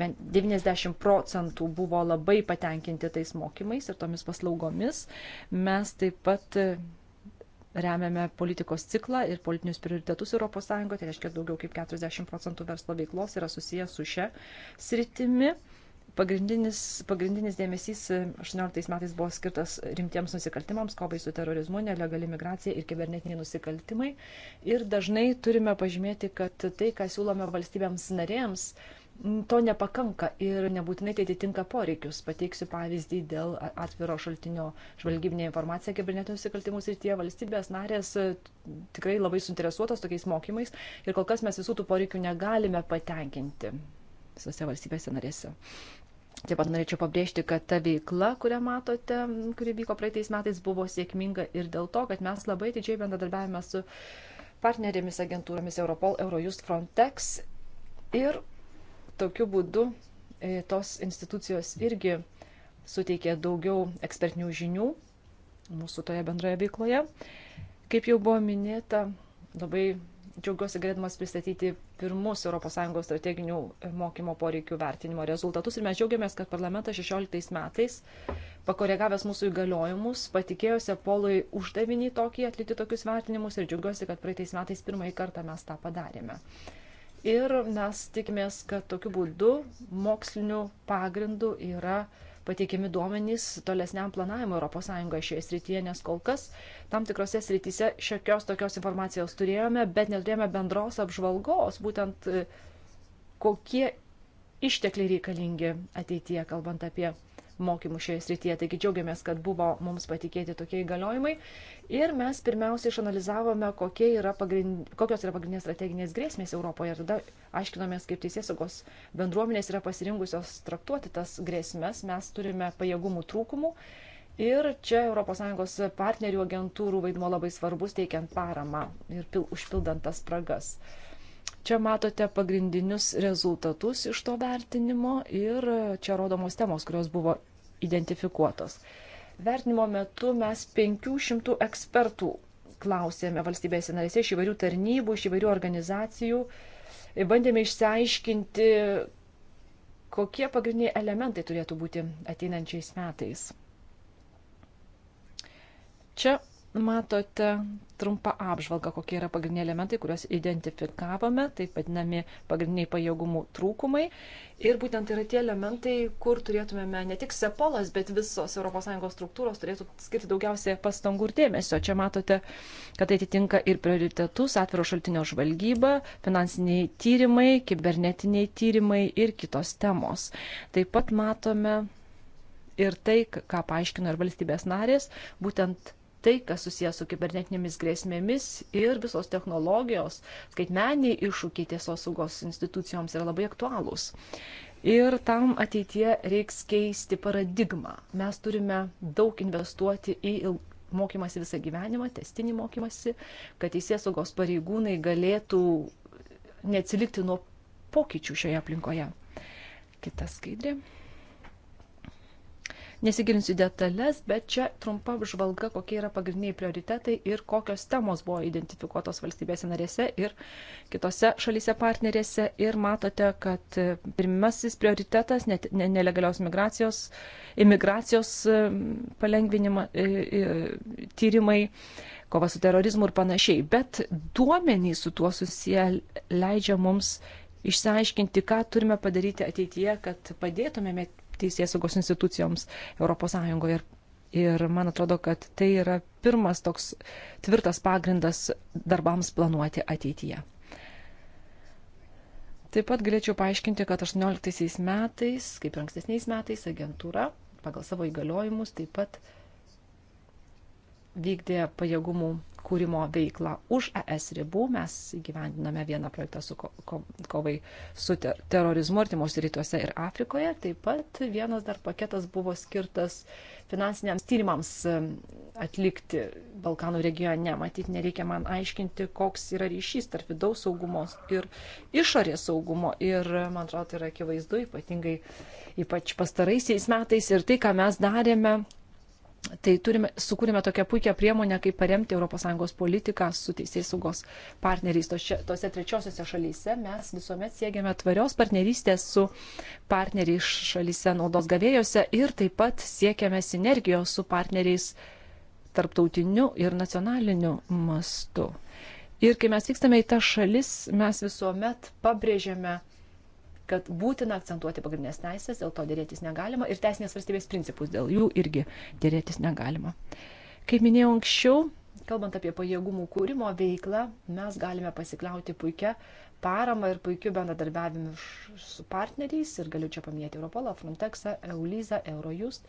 bent 90 procentų buvo labai patenkinti tais mokymais ir tomis paslaugomis. Mes taip pat remiame politikos ciklą ir politinius prioritetus ES, tai reiškia daugiau kaip 40 procentų verslo veiklos yra susijęs su šia sritimi. Pagrindinis, pagrindinis dėmesys 18 metais buvo skirtas rimtiems nusikaltimams, kovai su terorizmu, nelegali migracija ir kibernetiniai nusikaltimai. Ir dažnai turime pažymėti, kad tai, ką siūlome valstybėms narėms, to nepakanka ir nebūtinai tai atitinka poreikius. Pateiksiu pavyzdį dėl atviro šaltinio žvalgybinė informacija kibernetinių nusikaltimų srityje. Valstybės narės e, tikrai labai suinteresuotos tokiais mokymais ir kol kas mes visų tų poreikių negalime patenkinti visose valstybėse narėse. Taip pat norėčiau pabrėžti, kad ta veikla, kurią matote, kuri vyko praeitais metais, buvo sėkminga ir dėl to, kad mes labai didžiai bendradarbiavime su partnerėmis agentūromis Europol, Eurojust, Frontex ir tokiu būdu e, tos institucijos irgi suteikė daugiau ekspertinių žinių mūsų toje bendroje veikloje. Kaip jau buvo minėta, labai džiaugiuosi galėdamas pristatyti pirmus ES strateginių e, mokymo poreikių vertinimo rezultatus ir mes džiaugiamės, kad parlamentas 16 metais, pakoregavęs mūsų įgaliojimus, patikėjose polui uždavinį tokį atlikti tokius vertinimus ir džiaugiuosi, kad praeitais metais pirmąjį kartą mes tą padarėme. Ir mes tikimės, kad tokiu būdu moksliniu pagrindu yra uh, pateikiami duomenys tolesniam planavimui ES šioje srityje, nes kol kas tam tikrose srityse šiokios tokios informacijos turėjome, bet neturėjome bendros apžvalgos, būtent e, kokie ištekliai reikalingi ateityje, kalbant apie mokymų šioje srityje. Taigi džiaugiamės, kad buvo mums patikėti tokie įgaliojimai. Ir mes pirmiausia išanalizavome, yra pagrind... kokios yra pagrindinės strateginės grėsmės Europoje. Ir tada aiškinomės, kaip teisėsaugos bendruomenės yra pasirinkusios traktuoti tas grėsmės. Mes turime pajėgumų trūkumų. Ir čia ES partnerių agentūrų vaidmo labai svarbus teikiant paramą ir pil, užpildant tas spragas. Uh, Čia matote pagrindinius rezultatus iš to vertinimo ir čia rodomos temos, kurios buvo identifikuotos. Vertinimo metu mes 500 ekspertų klausėme valstybėse narėse iš įvairių tarnybų, iš įvairių organizacijų, bandėme išsiaiškinti, kokie pagrindiniai elementai turėtų būti ateinančiais metais. Čia matote trumpą apžvalgą, kokie yra pagrindiniai elementai, kuriuos identifikavome, taip vadinami pagrindiniai pajėgumų trūkumai. Ir būtent yra tie elementai, kur turėtumėme ne tik Sepolas, bet visos ES struktūros turėtų skirti daugiausiai pastangų ir dėmesio. Čia matote, kad tai atitinka ir prioritetus, atviro šaltinio žvalgyba, finansiniai tyrimai, kibernetiniai tyrimai ir kitos temos. Taip pat matome ir tai, ką paaiškino ir valstybės narės, būtent tai, kas susijęs su kibernetinėmis grėsmėmis ir visos technologijos, skaitmeniai iššūkiai tiesos saugos institucijoms yra labai aktualūs. Ir tam ateitie reiks keisti paradigmą. Mes turime daug investuoti į mokymasi visą gyvenimą, testinį mokymasi, kad teisės saugos pareigūnai galėtų neatsilikti nuo pokyčių šioje aplinkoje. Kita skaidrė. Nesigilinsiu detalės, bet čia trumpa žvalga, kokie yra pagrindiniai prioritetai ir kokios temos buvo identifikuotos valstybėse narėse ir kitose šalyse partnerėse. Ir matote, kad pirmasis prioritetas net, ne, nelegalios migracijos, imigracijos palengvinimo e, e, tyrimai, kova su terorizmu ir panašiai. Bet duomenys su tuo susiję leidžia mums išsiaiškinti, ką turime padaryti ateityje, kad padėtumėme teisės saugos institucijoms ES. Ir, ir man atrodo, kad tai yra pirmas toks tvirtas pagrindas darbams planuoti ateityje. Taip pat galėčiau paaiškinti, kad 18 metais, kaip ir ankstesniais metais, agentūra pagal savo įgaliojimus taip pat vykdė pajėgumų kūrimo veiklą už ES ribų. Mes gyvendiname vieną projektą su ko, ko, kovai su te, terorizmu artimuose rytuose ir Afrikoje. Taip pat vienas dar paketas buvo skirtas finansiniams tyrimams atlikti Balkanų regione. Matyt, nereikia man aiškinti, koks yra ryšys tarp vidaus saugumo ir išorės saugumo. Ir man atrodo, tai yra akivaizdu, ypatingai ypač pastaraisiais metais ir tai, ką mes darėme Tai turime, sukūrėme tokią puikią priemonę, kaip paremti ES politiką su teisės saugos partneriais. Tose, tose trečiosiose šalyse mes visuomet siekiame tvarios partnerystės su partneriais šalyse naudos gavėjose ir taip pat siekiame sinergijos su partneriais tarptautiniu ir nacionaliniu mastu. Ir kai mes vykstame į tą šalis, mes visuomet pabrėžiame kad būtina akcentuoti pagrindinės teisės, dėl to dėrėtis negalima ir teisinės valstybės principus, dėl jų irgi dėrėtis negalima. Kaip minėjau anksčiau, kalbant apie pajėgumų kūrimo veiklą, mes galime pasikliauti puikia parama ir puikiu bendradarbiavimu su partneriais ir galiu čia paminėti Europolą, Frontexą, Eulizą, Eurojust.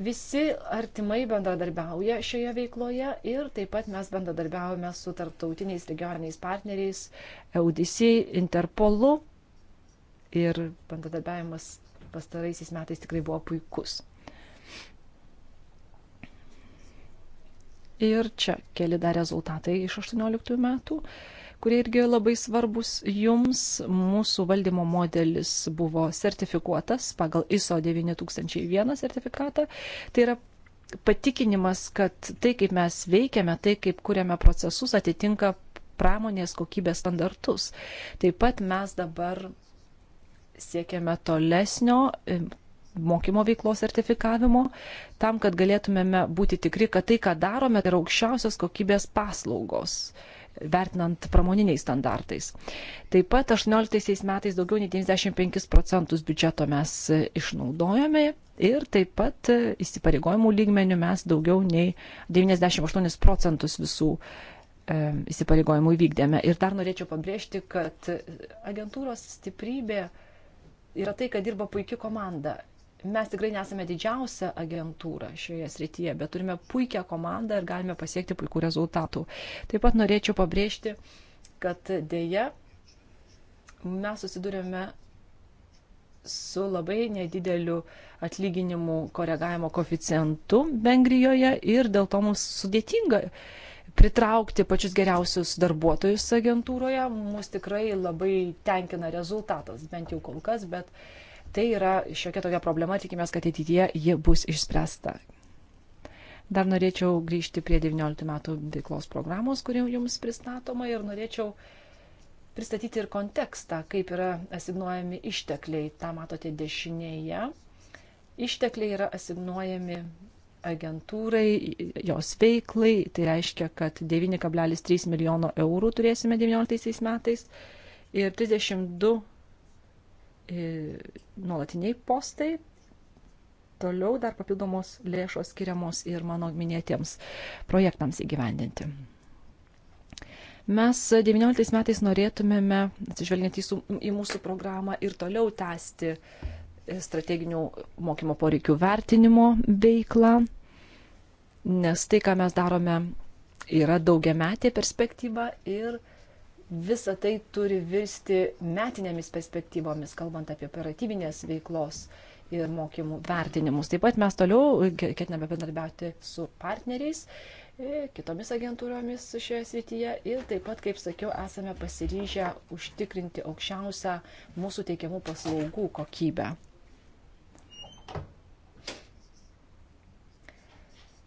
Visi artimai bendradarbiauja šioje veikloje ir taip pat mes bendradarbiaujame su tarptautiniais regioniniais partneriais EUDC, Interpolu ir bendradarbiavimas pastaraisiais metais tikrai buvo puikus. Ir čia keli dar rezultatai iš 18 metų, kurie irgi labai svarbus jums. Mūsų valdymo modelis buvo sertifikuotas pagal ISO 9001 sertifikatą. Tai yra patikinimas, kad tai, kaip mes veikiame, tai, kaip kuriame procesus, atitinka pramonės kokybės standartus. Taip pat mes dabar siekiame tolesnio mokymo veiklos sertifikavimo, tam, kad galėtumėme būti tikri, kad tai, ką darome, tai yra aukščiausios kokybės paslaugos, vertinant pramoniniais standartais. Taip pat 18 metais daugiau nei 95 procentus biudžeto mes e, išnaudojame ir taip pat e, įsipareigojimų lygmenių mes daugiau nei 98 procentus visų e, įsipareigojimų įvykdėme. Ir dar norėčiau pabrėžti, kad agentūros stiprybė yra tai, kad dirba puikia komanda. Mes tikrai nesame didžiausia agentūra šioje srityje, bet turime puikią komandą ir galime pasiekti puikų rezultatų. Taip pat norėčiau pabrėžti, kad dėja mes susidurėme su labai nedideliu atlyginimų koregavimo koficientu Vengrijoje ir dėl to mums sudėtinga uh, pritraukti pačius geriausius darbuotojus agentūroje. Mus tikrai labai tenkina rezultatas, bent jau kol kas, bet tai yra šiokia tokia problema, tikimės, kad ateityje ji bus išspręsta. Dar norėčiau grįžti prie 19 metų veiklos programos, kuri jums pristatoma ir norėčiau pristatyti ir kontekstą, kaip yra asignuojami ištekliai. Ta matote dešinėje. Ištekliai yra asignuojami agentūrai, jos veiklai. Tai reiškia, kad 9,3 milijono eurų turėsime 19 metais ir 32 e, nuolatiniai postai. Toliau dar papildomos lėšos skiriamos ir mano minėtiems projektams įgyvendinti. Mes 19 metais norėtumėme, atsižvelgiant į, su, į mūsų programą, ir toliau tęsti uh, strateginių mokymo poreikių vertinimo veiklą, nes tai, ką mes darome, yra daugiametė perspektyva ir visa tai turi virsti metinėmis perspektyvomis, kalbant apie operatyvinės veiklos ir mokymų vertinimus. Taip pat mes toliau ketiname bendarbiauti su partneriais, e, kitomis agentūromis šioje srityje ir taip pat, kaip sakiau, esame pasiryžę užtikrinti aukščiausią mūsų teikiamų paslaugų kokybę.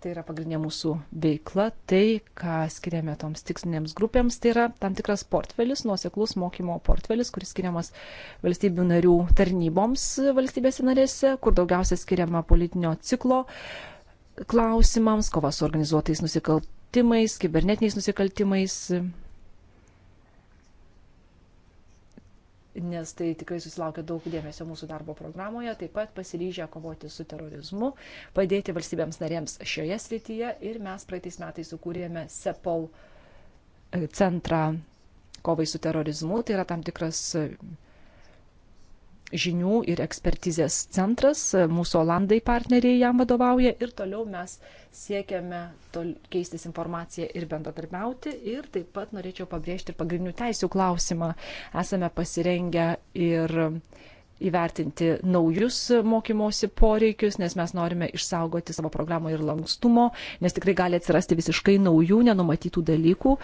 Tai yra pagrindinė mūsų veikla, tai, ką skiriame toms tikslinėms grupėms, tai yra tam tikras portfelis, nuoseklus mokymo portfelis, kuris skiriamas valstybių narių tarnyboms valstybėse narėse, kur daugiausia skiriama politinio ciklo klausimams, kova su organizuotais nusikaltimais, kibernetiniais nusikaltimais, nes tai tikrai susilaukia daug dėmesio mūsų darbo programoje, taip pat pasiryžę kovoti su terorizmu, padėti valstybėms narėms šioje srityje ir mes praeitais metais sukūrėme SEPOL e, centrą kovai su terorizmu, tai yra tam tikras žinių ir ekspertizės centras, mūsų Olandai partneriai jam vadovauja ir toliau mes siekiame tol keistis informaciją ir bendradarbiauti. Ir taip pat norėčiau pabrėžti ir pagrindinių teisų klausimą. Esame pasirengę ir įvertinti naujus mokymosi poreikius, nes mes norime išsaugoti savo programą ir lankstumo, nes tikrai gali atsirasti visiškai naujų, nenumatytų dalykų.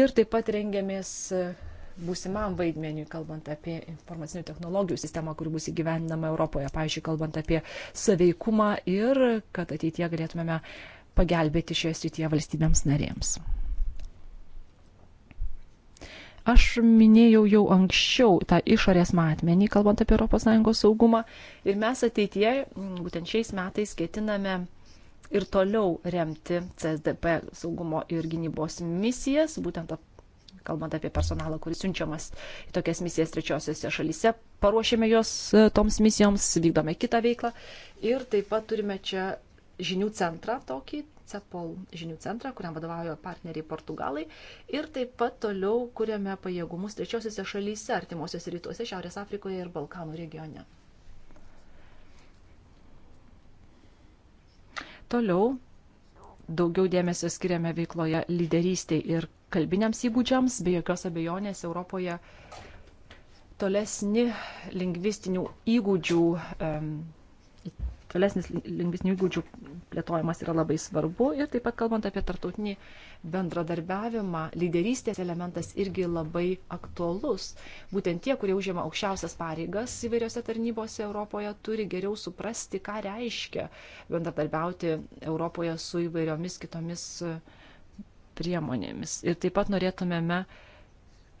Ir taip pat rengiamės būsimam vaidmeniui, kalbant apie informacinių technologijų sistemą, kuri bus įgyvendinama Europoje, pavyzdžiui, kalbant apie saveikumą ir kad ateitie galėtumėme pagelbėti šioje srityje valstybėms narėms. Aš minėjau jau anksčiau tą išorės matmenį, kalbant apie ES saugumą, ir mes ateitie, būtent šiais metais, ketiname ir toliau remti CSDP saugumo ir gynybos misijas, būtent kalbant apie personalą, kuris siunčiamas į tokias misijas trečiosiose šalyse. Paruošėme juos e, toms misijoms, vykdome kitą veiklą. Ir taip pat turime čia žinių centrą tokį, CEPOL žinių centrą, kuriam vadovauja partneriai Portugalai. Ir taip pat toliau kuriame pajėgumus trečiosiose šalyse, artimuosiuose rytuose, Šiaurės Afrikoje ir Balkanų regione. Toliau daugiau dėmesio skiriame veikloje lyderystei ir kalbiniams įgūdžiams, be jokios abejonės Europoje tolesni lingvistinių įgūdžių, tolesnis lingvistinių įgūdžių plėtojimas yra labai svarbu ir taip pat kalbant apie tartautinį bendradarbiavimą, lyderystės elementas irgi labai aktuolus. Būtent tie, kurie užima aukščiausias pareigas įvairiose tarnybose Europoje, turi geriau suprasti, ką reiškia bendradarbiauti Europoje su įvairiomis kitomis valstybėmis priemonėmis. Ir taip pat norėtumėme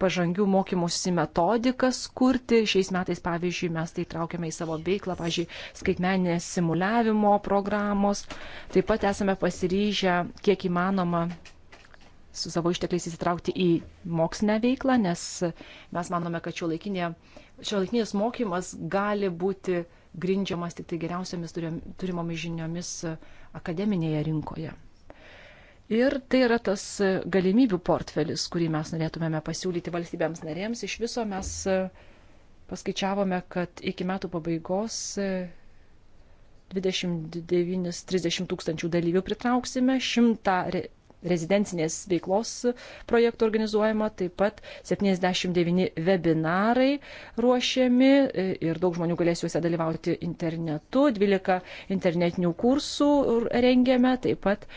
pažangių mokymosi metodikas kurti. Šiais metais, pavyzdžiui, mes tai traukiame į savo veiklą, pavyzdžiui, skaitmeninės simuliavimo programos. Taip pat esame pasiryžę, kiek įmanoma, su savo ištekliais įsitraukti į mokslinę veiklą, nes mes manome, kad šio, laikinė, šio laikinės mokymas gali būti grindžiamas tik tai geriausiamis turimomis žiniomis akademinėje rinkoje. Ir tai yra tas galimybių portfelis, kurį mes norėtumėme pasiūlyti valstybėms narėms. Iš viso mes e, paskaičiavome, kad iki metų pabaigos 29-30 e, tūkstančių dalyvių pritrauksime, 100 rezidencinės veiklos projektų organizuojama, taip pat 79 webinarai ruošiami e, ir daug žmonių galės juose dalyvauti internetu, 12 internetinių kursų rengėme, taip pat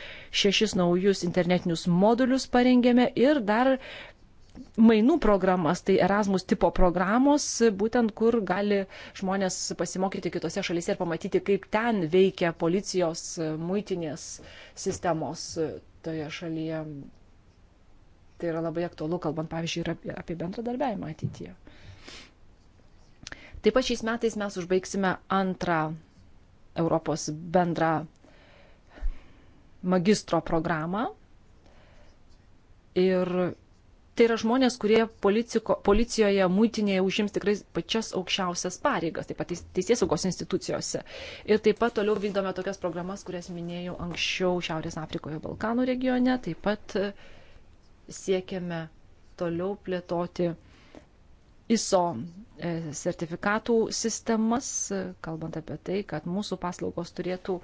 6 naujus internetinius modulius parengėme ir dar mainų programas, tai Erasmus tipo programos, būtent kur gali žmonės pasimokyti kitose šalyse ir pamatyti, kaip ten veikia policijos, muitinės sistemos toje šalyje. Tai yra labai aktualu, kalbant, pavyzdžiui, ir apie, apie bendradarbiavimą ateityje. Taip pat šiais metais mes užbaigsime antrą Europos bendrą magistro programą. Ir tai yra žmonės, kurie politiko, policijoje, muitinėje užims tikrai pačias aukščiausias pareigas, taip pat teisės saugos institucijose. Ir taip pat toliau vykdome tokias programas, kurias minėjau anksčiau Šiaurės Afrikoje, Balkanų regione, taip pat e, siekiame toliau plėtoti ISO e, sertifikatų sistemas, e, kalbant apie tai, kad mūsų paslaugos turėtų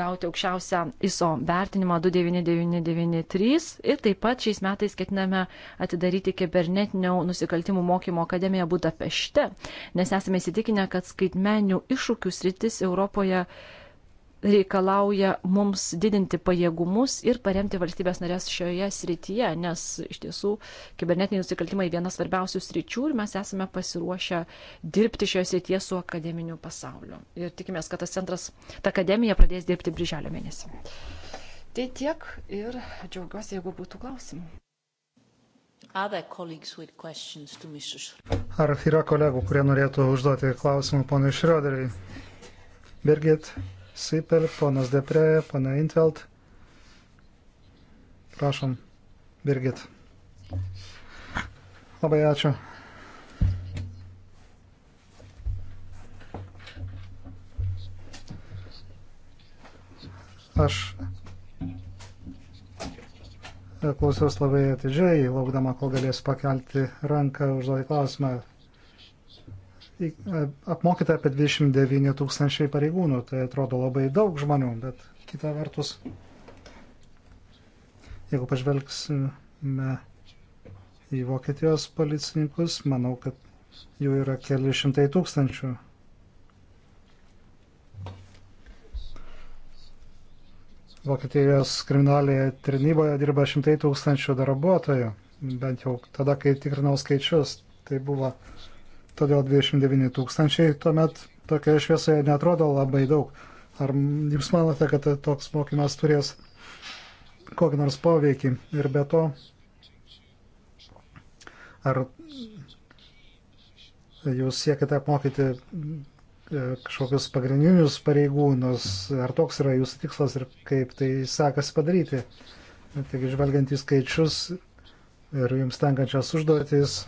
gauti aukščiausią ISO vertinimą 29993 ir taip pat šiais metais ketiname atidaryti kibernetinio nusikaltimų mokymo akademiją Budapešte, nes esame įsitikinę, kad skaitmenių iššūkių sritis Europoje yra reikalauja mums didinti pajėgumus ir paremti valstybės narės šioje srityje, nes iš tiesų kibernetiniai nusikaltimai viena svarbiausių sričių ir mes esame pasiruošę dirbti šioje srityje su akademiniu pasauliu. Ir tikimės, kad tas centras, ta akademija pradės dirbti brželio mėnesį. Tai tiek ir džiaugiuosi, jeigu būtų klausimų. Ar yra kolegų, kurie norėtų užduoti klausimų ponui Šrioderiui? Birgit, Sipel, ponas Depre, pana Intveld. Prašom, Birgit. Labai ačiū. Aš klausiausi labai atidžiai, laukdama, kol galėsiu pakelti ranką, užduoti klausimą apmokyta apie 29 tūkstančiai pareigūnų. Tai atrodo labai daug žmonių, bet kita vertus, jeigu pažvelgsime į Vokietijos policininkus, manau, kad jų yra keli šimtai tūkstančių. Vokietijos kriminalinėje tarnyboje dirba šimtai tūkstančių darbuotojų, bent jau tada, kai tikrinau skaičius, tai buvo todėl 29 tūkstančiai tuomet tokioje šviesoje netrodo labai daug. Ar jūs manote, kad toks mokymas turės kokį nors poveikį ir be to, ar jūs siekite apmokyti e, kažkokius pagrindinius pareigūnus, ar toks yra jūsų tikslas ir kaip tai sekasi padaryti. Taigi, žvelgiant į skaičius ir jums tenkančias užduotis,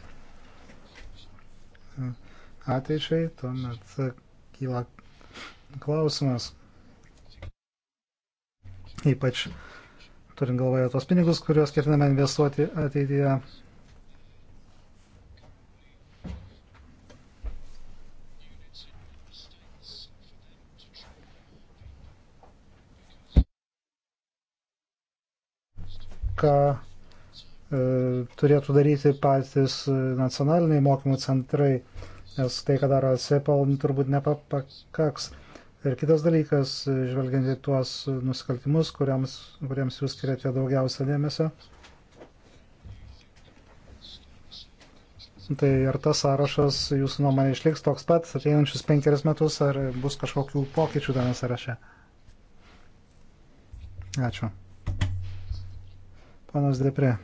ateičiai, tuomet kyla klausimas, ypač turint galvoje tos pinigus, kuriuos ketiname investuoti ateityje. ką e, turėtų daryti patys e, nacionaliniai mokymų centrai. E, nes tai, ką daro CEPOL, turbūt nepakaks. Ir kitas dalykas, žvelgiant į tuos nusikaltimus, kuriams, kuriems jūs skiriate daugiausia dėmesio, tai ar tas sąrašas jūsų nuomonė išliks toks pat ateinančius penkerius metus, ar bus kažkokių pokyčių tame sąraše? Ačiū. Panas Depre.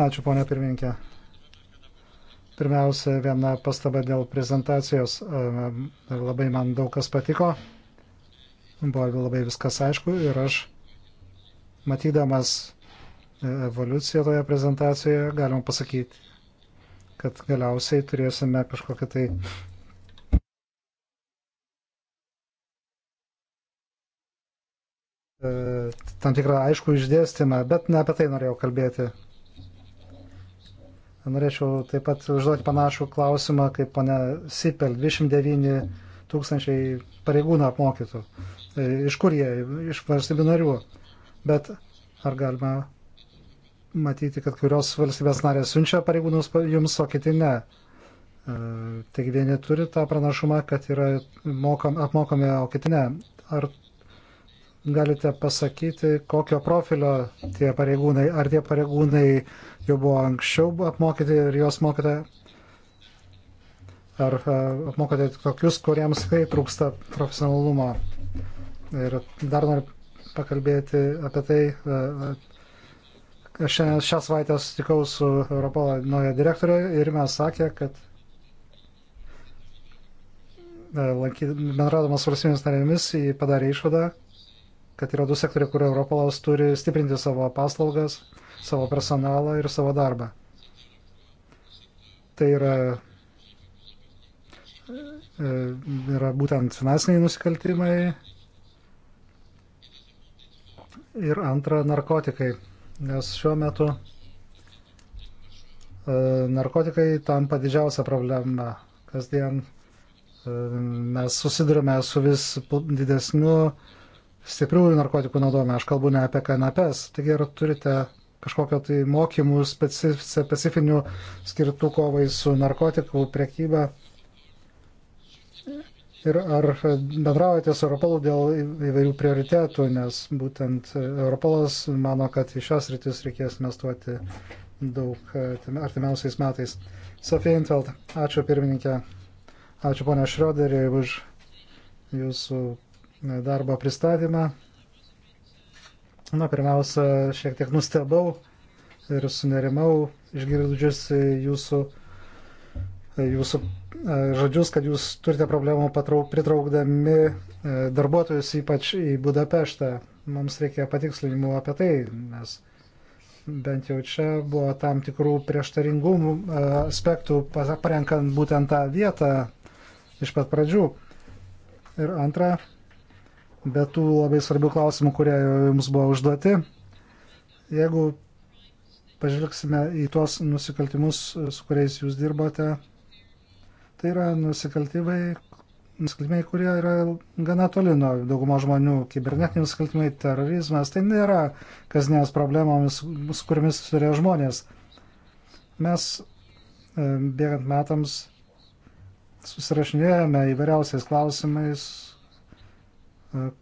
Ačiū, ponia pirmininkė. Pirmiausia, viena pastaba dėl prezentacijos. E, labai man daug kas patiko. Buvo labai viskas aišku ir aš matydamas evoliuciją toje prezentacijoje galima pasakyti, kad galiausiai turėsime kažkokią tai e, tam tikrą aišku išdėstymą, bet ne apie tai norėjau kalbėti. Norėčiau taip pat užduoti panašų klausimą, kaip pana Sipel, 29 tūkstančiai pareigūnų apmokytų. Tai iš kur jie? Iš valstybių narių. Bet ar galima matyti, kad kurios valstybės narės siunčia pareigūnus jums, o kiti ne? E, taigi vieni turi tą pranašumą, kad yra mokam, apmokami, o kiti ne. Ar galite pasakyti, kokio profilio tie pareigūnai, ar tie pareigūnai jau buvo anksčiau apmokyti ir juos mokėte, ar e, apmokėte tokius, kuriems tai trūksta profesionalumo. Ir dar noriu pakalbėti apie tai. Aš e, e, šią savaitę susitikau su Europolo nauja direktorė ir mes sakė, kad bendradamas valstybės narėmis padarė išvadą, kad yra du sektoriai, kur Europolas turi stiprinti savo paslaugas, savo personalą ir savo darbą. Tai yra, e, yra būtent finansiniai nusikaltimai ir antra narkotikai, nes šiuo metu e, narkotikai tampa didžiausia problema. Kasdien e, mes susidurime su vis didesniu uh, stipriųjų narkotikų naudojimą, aš kalbu ne apie kanapes, taigi ar turite kažkokio tai mokymų specif, specifinių skirtų kovai su narkotikų priekyba ir ar bendraujate su Europolu dėl įvairių prioritetų, nes būtent Europolas mano, kad į šias rytis reikės investuoti daug artimiausiais metais. Sofija Intveld, ačiū pirmininkė, ačiū ponia Šrioderį už jūsų darbo pristatymą. Na, pirmiausia, šiek tiek nustebau ir sunerimau išgirdžius jūsų, jūsų e, žodžius, kad jūs turite problemų patrauk, pritraukdami e, darbuotojus ypač į Budapeštą. Mums reikia patikslinimų apie tai, nes bent jau čia buvo tam tikrų prieštaringumų e, aspektų, parenkant būtent tą vietą iš pat pradžių. Ir antra, be tų labai svarbių klausimų, kurie jums buvo užduoti. Jeigu pažvelgsime į tuos nusikaltimus, su kuriais jūs dirbote, tai yra nusikaltimai, nusikaltimai kurie yra gana toli nuo daugumo žmonių. Kibernetiniai nusikaltimai, terorizmas, tai nėra kasdienės problemomis, su kuriamis susiduria žmonės. Mes e, bėgant metams susirašinėjame įvairiausiais klausimais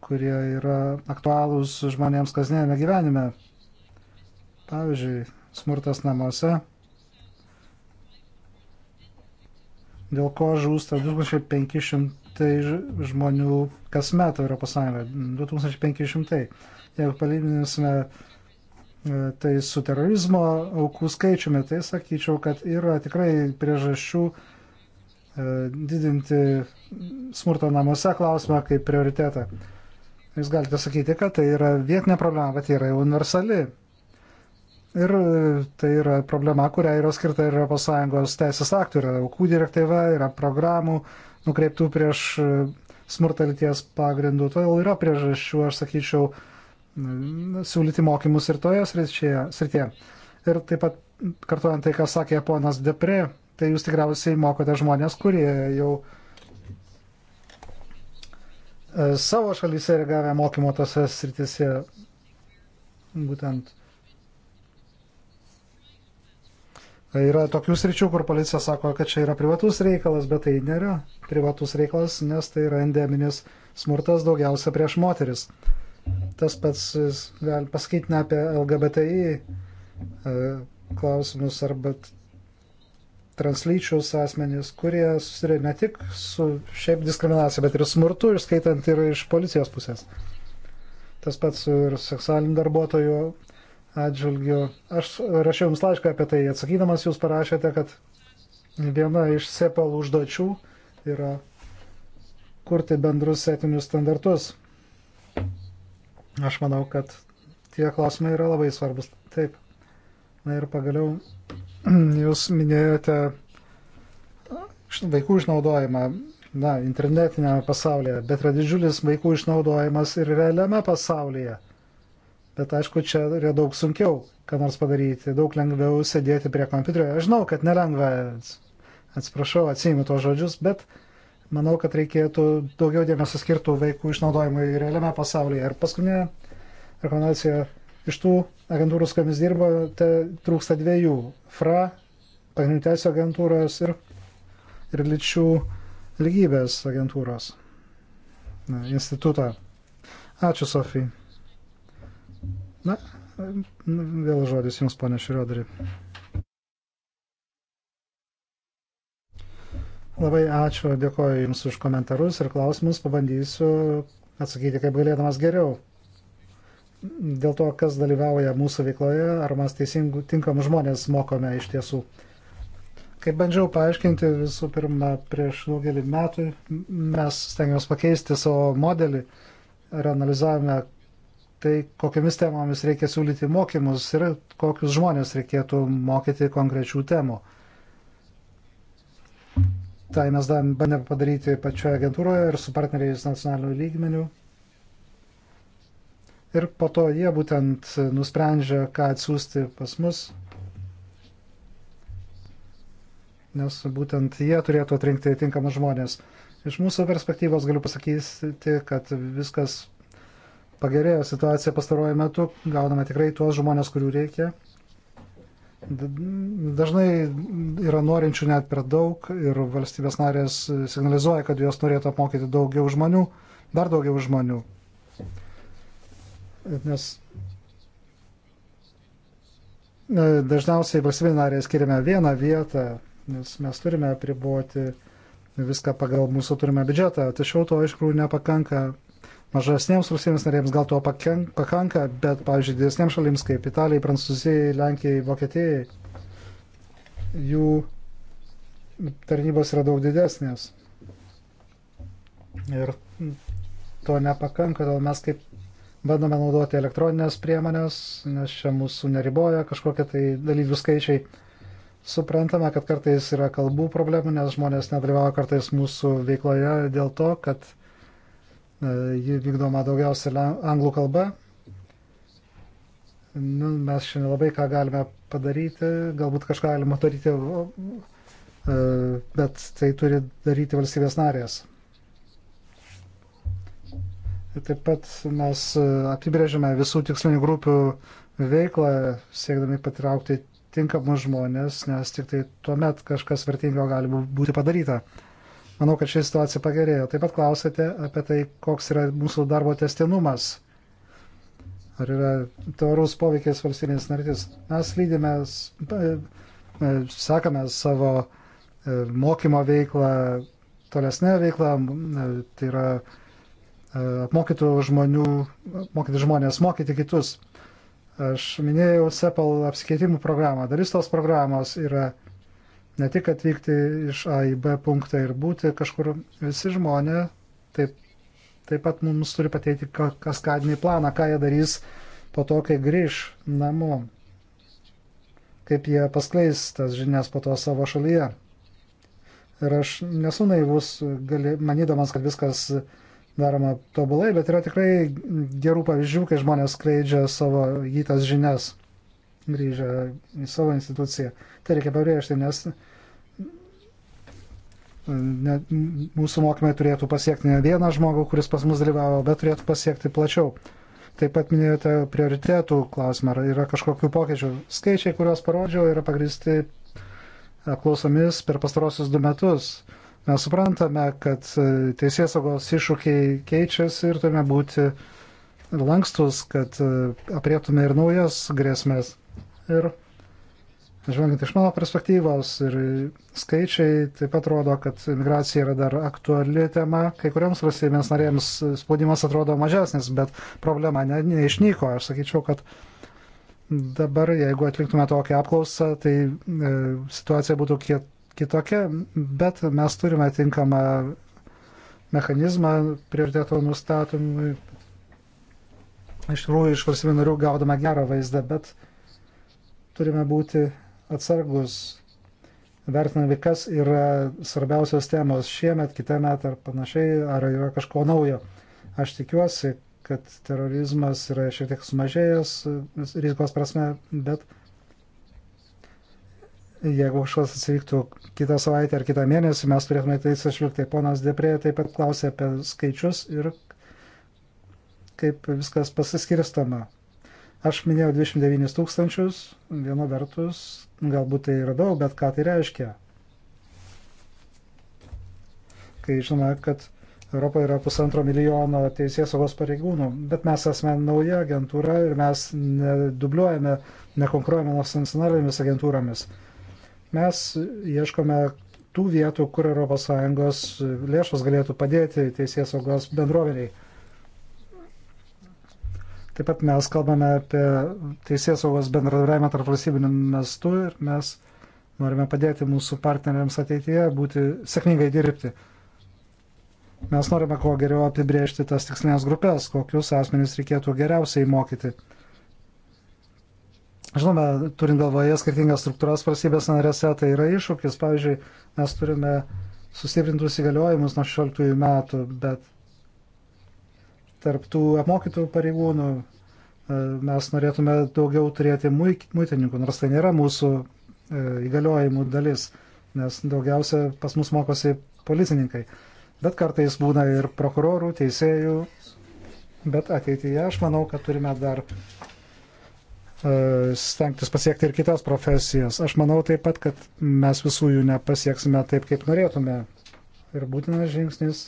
kurie yra aktualūs žmonėms kasdienėme gyvenime. Pavyzdžiui, smurtas namuose, dėl ko žūsta 2500 žmonių kasmet Europos Sąjungoje. 2500. Jeigu palyginsime e, tai su terorizmo aukų skaičiumi, tai sakyčiau, kad yra tikrai priežasčių E, didinti smurto namuose klausimą kaip prioritetą. Jūs galite sakyti, kad tai yra vietinė problema, bet yra universali. Ir tai yra problema, kuria yra skirta ir ES teisės aktų, yra aukų direktyva, yra programų nukreiptų prieš smurtą lyties pagrindų. Todėl yra priežasčių, aš sakyčiau, siūlyti mokymus ir toje srityje. Ir taip pat kartuojant tai, ką sakė ponas Depre, tai jūs tikriausiai mokote žmonės, kurie jau e, savo šalyse yra gavę mokymo tose sritise. Būtent. E, yra tokių sričių, kur policija sako, kad čia yra privatus reikalas, bet tai nėra privatus reikalas, nes tai yra endeminis smurtas daugiausia prieš moteris. Tas pats e, gali pasakyti ne apie LGBTI klausimus arba translyčius asmenys, kurie susiduria ne tik su šiaip diskriminacija, bet ir smurtu, išskaitant ir iš policijos pusės. Tas pats ir seksualinių darbuotojų atžvilgių. Aš rašiau Jums laišką apie tai, atsakydamas Jūs parašėte, kad viena iš SEPAL užduočių yra kurti bendrus etinius standartus. Aš manau, kad tie klausimai yra labai svarbus. Taip. Na ir pagaliau Jūs minėjote vaikų išnaudojimą, na, internetinėme pasaulyje, bet yra didžiulis vaikų išnaudojimas ir realiame pasaulyje. Bet aišku, čia yra daug sunkiau, ką nors padaryti, daug lengviau sėdėti prie kompiuterio. Aš žinau, kad nelengva, atsiprašau, atsijimu tos žodžius, bet manau, kad reikėtų daugiau dėmesio skirtų vaikų išnaudojimui realiame pasaulyje. Ir paskutinė rekomendacija iš tų agentūrų, su kuriamis dirbate, trūksta dviejų - FRA, pagrindinių teisų agentūros ir, ir lyčių lygybės agentūros na, institutą. Ačiū, Sofija. Na, vėl žodis Jums, ponė Šriodari. Labai ačiū, dėkoju Jums už komentarus ir klausimus, pabandysiu atsakyti, kaip galėdamas geriau dėl to, kas dalyvauja mūsų veikloje, ar mes teisingų, tinkam žmonės mokome iš tiesų. Kaip bandžiau paaiškinti, visų pirma, prieš daugelį metų mes stengiamės pakeisti savo modelį ir analizavome tai, kokiamis temomis reikia siūlyti mokymus ir kokius žmonės reikėtų mokyti konkrečių temų. Tai mes bandėme padaryti pačioje agentūroje ir su partneriais nacionaliniu lygmeniu Ir po to jie būtent nusprendžia, ką atsiųsti pas mus, nes būtent jie turėtų atrinkti tinkamus žmonės. Iš mūsų perspektyvos galiu pasakyti, kad viskas pagerėjo situacija pastaruoju metu, gauname tikrai tuos žmonės, kurių reikia. Dažnai yra norinčių net per daug ir valstybės narės signalizuoja, kad jos norėtų apmokyti daugiau žmonių, dar daugiau žmonių nes dažniausiai valstybė narė skiriame vieną vietą, nes mes turime apriboti viską pagal mūsų turimą biudžetą, tačiau to iš tikrųjų nepakanka. Mažesniems valstybėms narėms gal to pakanka, bet, pavyzdžiui, didesniems šalims kaip Italijai, Prancūzijai, Lenkijai, Vokietijai, jų tarnybos yra daug didesnės. Ir to nepakanka, todėl mes kaip bandome naudoti elektroninės priemonės, nes čia mūsų neriboja kažkokie tai dalyvių skaičiai. Suprantame, kad kartais yra kalbų problemų, nes žmonės nedalyvauja kartais mūsų veikloje dėl to, kad e, ji vykdoma daugiausia anglų kalba. Nu, mes šiandien labai ką galime padaryti, galbūt kažką galima daryti, e, bet tai turi daryti valstybės narės. Tai taip pat mes e, apibrėžiame visų tikslinių grupių veiklą, siekdami patraukti tinkamus žmonės, nes tik tai tuomet kažkas vertingo gali būti padaryta. Manau, kad ši situacija pagerėjo. Taip pat klausėte apie tai, koks yra mūsų darbo testinumas. Ar yra tvarus poveikis valstybės nartis. Mes lydime, e, e, sekame savo mokymo veiklą, tolesnę veiklą, tai yra E, apmokytų žmonių, mokyti žmonės, mokyti kitus. Aš minėjau SEPAL apsikeitimų programą. Dalis tos programos yra ne tik atvykti iš A į B punktą ir būti kažkur. Visi žmonės taip, taip pat mums turi pateikti kaskadinį planą, ką jie darys po to, kai grįž namo. Kaip jie paskleis tas žinias po to savo šalyje. Ir aš nesu naivus, gali, manydamas, kad viskas uh, daroma tobulai, bet yra tikrai gerų pavyzdžių, kai žmonės skleidžia savo įgytas žinias grįžę į savo instituciją. Tai reikia pabrėžti, nes ne, mūsų mokymai turėtų pasiekti ne vieną žmogų, kuris pas mus dalyvavo, bet turėtų pasiekti plačiau. Taip pat minėjote prioritėtų klausimą, ar yra kažkokių pokyčių. Skaičiai, kuriuos parodžiau, yra pagristi apklausomis per pastarosius du metus. Mes suprantame, kad e, teisės saugos iššūkiai keičiasi ir turime būti lankstus, kad e, aprėptume ir naujas grėsmės. Ir žvelgiant iš mano perspektyvos ir skaičiai taip pat rodo, kad migracija yra dar aktuali tema. Kai kuriams valstybėms narėms spaudimas atrodo mažesnis, bet problema ne, neišnyko. Aš sakyčiau, kad dabar, jeigu atliktume tokią apklausą, tai e, situacija būtų kiek kitokia, bet mes turime tinkamą mechanizmą prioriteto nustatymui. Iš tikrųjų, iš valstybių narių gaudama gerą vaizdą, bet turime būti atsargus, vertinami, kas yra svarbiausios temos šiemet, kitą metą ar panašiai, ar yra kažko naujo. Aš tikiuosi, kad terorizmas yra šiek tiek sumažėjęs rizikos prasme, bet jeigu kažkas atsivyktų kitą savaitę ar kitą mėnesį, mes turėtume tai atsižvelgti. Ponas Deprė taip pat klausė apie skaičius ir kaip viskas pasiskirstama. Aš minėjau 29 tūkstančius, viena vertus, galbūt tai yra daug, bet ką tai reiškia? Kai žinome, kad Europoje yra pusantro milijono teisės saugos pareigūnų, bet mes esame nauja agentūra ir mes dubliuojame, nekonkuruojame nacionalinėmis agentūromis. Mes ieškome tų vietų, kur ES lėšos galėtų padėti teisės saugos bendroviniai. Taip pat mes kalbame apie teisės saugos bendradarbiavimą tarp valstybinių mestų ir mes norime padėti mūsų partneriams ateityje būti sėkmingai dirbti. Mes norime kuo geriau apibrėžti tas tikslinės grupės, kokius asmenys reikėtų geriausiai mokyti. Žinoma, turint galvoje skirtingas struktūras valstybės narėse, tai yra iššūkis. Pavyzdžiui, mes turime sustiprintus įgaliojimus nuo 16 metų, bet tarptų apmokytų pareigūnų e, mes norėtume daugiau turėti muitininkų, nors tai nėra mūsų e, įgaliojimų dalis, nes daugiausia pas mus mokosi policininkai. Bet kartais būna ir prokurorų, teisėjų, bet ateityje aš manau, kad turime dar E, stengtis pasiekti ir kitas profesijas. Aš manau taip pat, kad mes visų jų nepasieksime taip, kaip norėtume. Ir būtinas žingsnis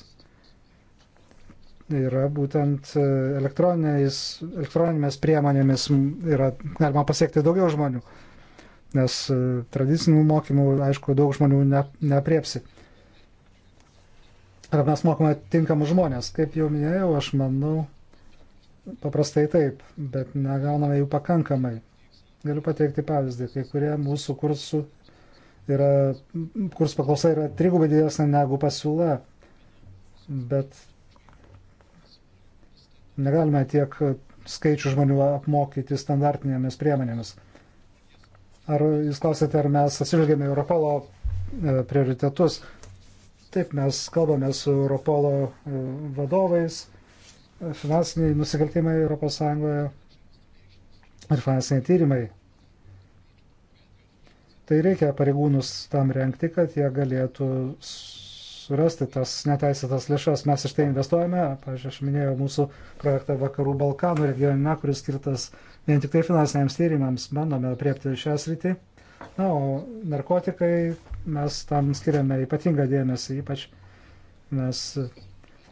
yra būtent e, elektroninėmis priemonėmis yra galima pasiekti daugiau žmonių. Nes e, tradicinių mokymų, aišku, daug žmonių ne, nepriepsi. Ar mes mokome tinkamus žmonės? Kaip jau minėjau, aš manau, paprastai taip, bet negauname jų pakankamai. Galiu pateikti pavyzdį, kai kurie mūsų kursų yra, kurs paklausa yra trigubai didesnė negu pasiūla, bet negalime tiek skaičių žmonių apmokyti standartinėmis priemonėmis. Ar jūs klausėte, ar mes atsižvelgėme Europolo e, prioritetus? Taip, mes kalbame su Europolo e, vadovais, finansiniai nusikaltimai ES ir finansiniai tyrimai. Tai reikia pareigūnus tam renkti, kad jie galėtų surasti tas neteisėtas lėšas. Mes iš tai investuojame, pažiūrėjau, aš minėjau mūsų projektą Vakarų Balkanų regione, kuris skirtas vien tik tai finansiniams tyrimams, bandome apriepti šią sritį. Na, o narkotikai mes tam skiriame ypatingą dėmesį, ypač mes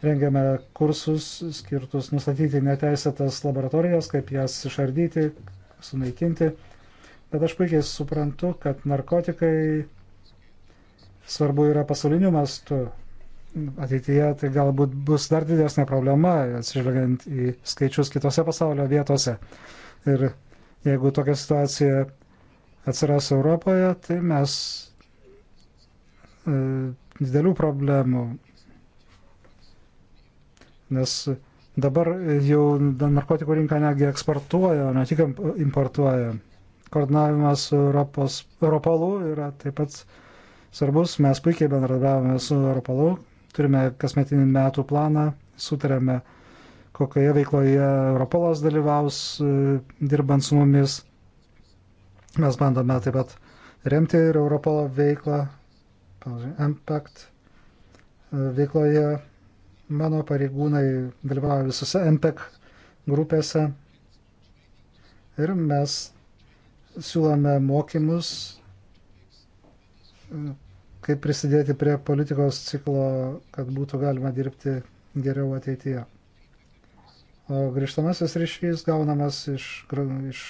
rengiame kursus skirtus nustatyti neteisėtas laboratorijas, kaip jas išardyti, sunaikinti. Bet aš puikiai suprantu, kad narkotikai svarbu yra pasauliniu mastu. Ateityje tai galbūt bus dar didesnė problema, atsižvelgiant į skaičius kitose pasaulio vietose. Ir jeigu tokia situacija atsiras Europoje, tai mes e, didelių problemų nes dabar jau narkotikų rinka netgi eksportuoja, ne tik importuoja. Koordinavimas su Europos, Europolu yra taip pat svarbus. Mes puikiai bendradarbiavame su Europolu, turime kasmetinį metų planą, sutarėme, kokioje veikloje Europolas dalyvaus, dirbant su mumis. Mes bandome taip pat remti ir Europolo veiklą, pavyzdžiui, Impact e, veikloje Mano pareigūnai dalyvauja visose MPEC grupėse ir mes siūlome mokymus, e, kaip prisidėti prie politikos ciklo, kad būtų galima dirbti geriau ateityje. O grįžtamasis ryšys gaunamas iš, iš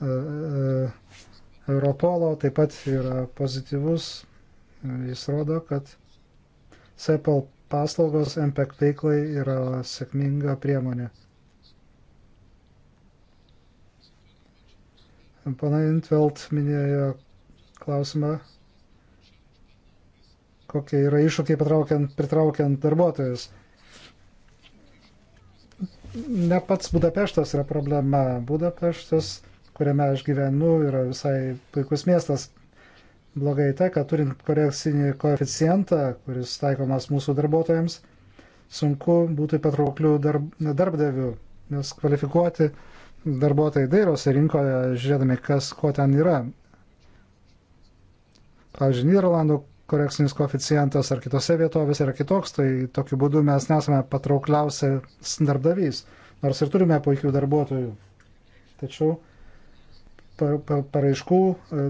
e, e, Europolo, taip pat yra pozityvus. Jis rodo, kad CEPAL paslaugos MPEC veiklai yra sėkminga priemonė. Pana Intveld minėjo klausimą, kokie yra iššūkiai pritraukiant darbuotojus. Ne pats Budapeštas yra problema. Budapeštas, kuriame aš gyvenu, yra visai puikus miestas, blogai ta, kad turint korekcinį koeficientą, kuris taikomas mūsų darbuotojams, sunku būti patrauklių darb, darbdavių, nes kvalifikuoti darbuotojai dairosi rinkoje, žiūrėdami, kas ko ten yra. Pavyzdžiui, Niderlandų korekcinis koeficientas ar kitose vietovėse yra kitoks, tai tokiu būdu mes nesame patraukliausias darbdavys, nors ir turime puikių darbuotojų. Tačiau paraiškų e,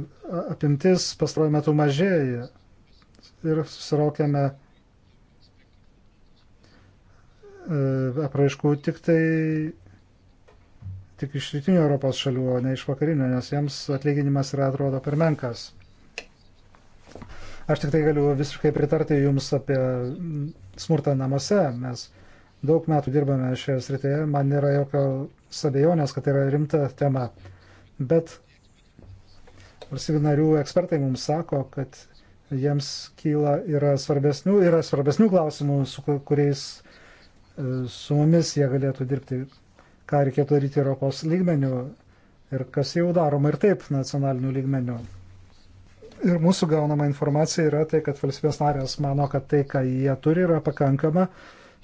apimtis pastaruoju metu mažėja ir susiraukėme e, apraiškų tik tai tik iš rytinių Europos šalių, o ne iš vakarinių, nes jiems atlyginimas yra atrodo per menkas. Aš tik tai galiu visiškai pritarti Jums apie smurtą namuose. Mes daug metų dirbame šioje srityje, man nėra jokio sabejonės, kad tai yra rimta tema bet valstybių narių ekspertai mums sako, kad jiems kyla yra svarbesnių, yra svarbesnių klausimų, su kuriais e, su mumis jie galėtų dirbti, ką reikėtų daryti Europos lygmenių ir kas jau daroma ir taip nacionalinių lygmenių. Ir mūsų gaunama informacija yra tai, kad valstybės narės mano, kad tai, ką jie turi, yra pakankama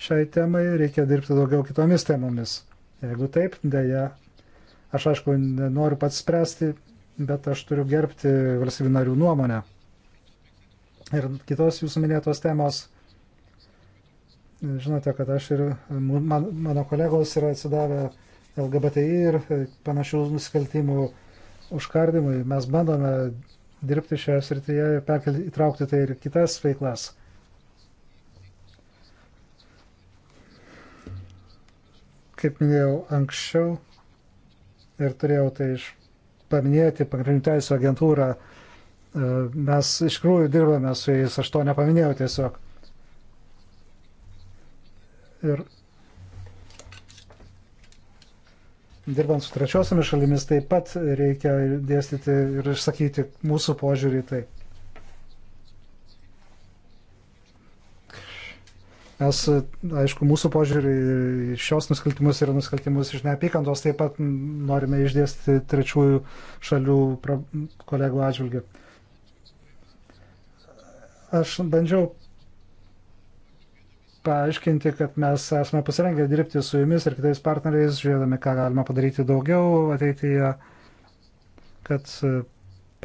šiai temai, reikia dirbti daugiau kitomis temomis. Jeigu taip, dėja, Aš aišku, noriu pats spręsti, bet aš turiu gerbti valstybių narių nuomonę. Ir kitos jūsų minėtos temos, žinote, kad aš ir man, mano kolegos yra atsidavę LGBTI ir panašių nusikaltimų užkardimui. Mes bandome dirbti šioje srityje ir perkel, įtraukti tai ir kitas veiklas. Kaip minėjau anksčiau, ir turėjau tai iš, paminėti pagrindinių teisų agentūrą. E, mes iš tikrųjų dirbame su jais, aš to nepaminėjau tiesiog. Ir dirbant su trečiosiamis šalimis taip pat reikia dėstyti ir išsakyti mūsų požiūrį tai. Mes, aišku, mūsų požiūrį šios nusikaltimus ir nusikaltimus iš neapykantos taip pat norime išdėsti trečiųjų šalių kolegų atžvilgių. Aš bandžiau paaiškinti, kad mes esame pasirengę dirbti su jumis ir kitais partneriais, žiūrėdami, ką galima padaryti daugiau ateityje, kad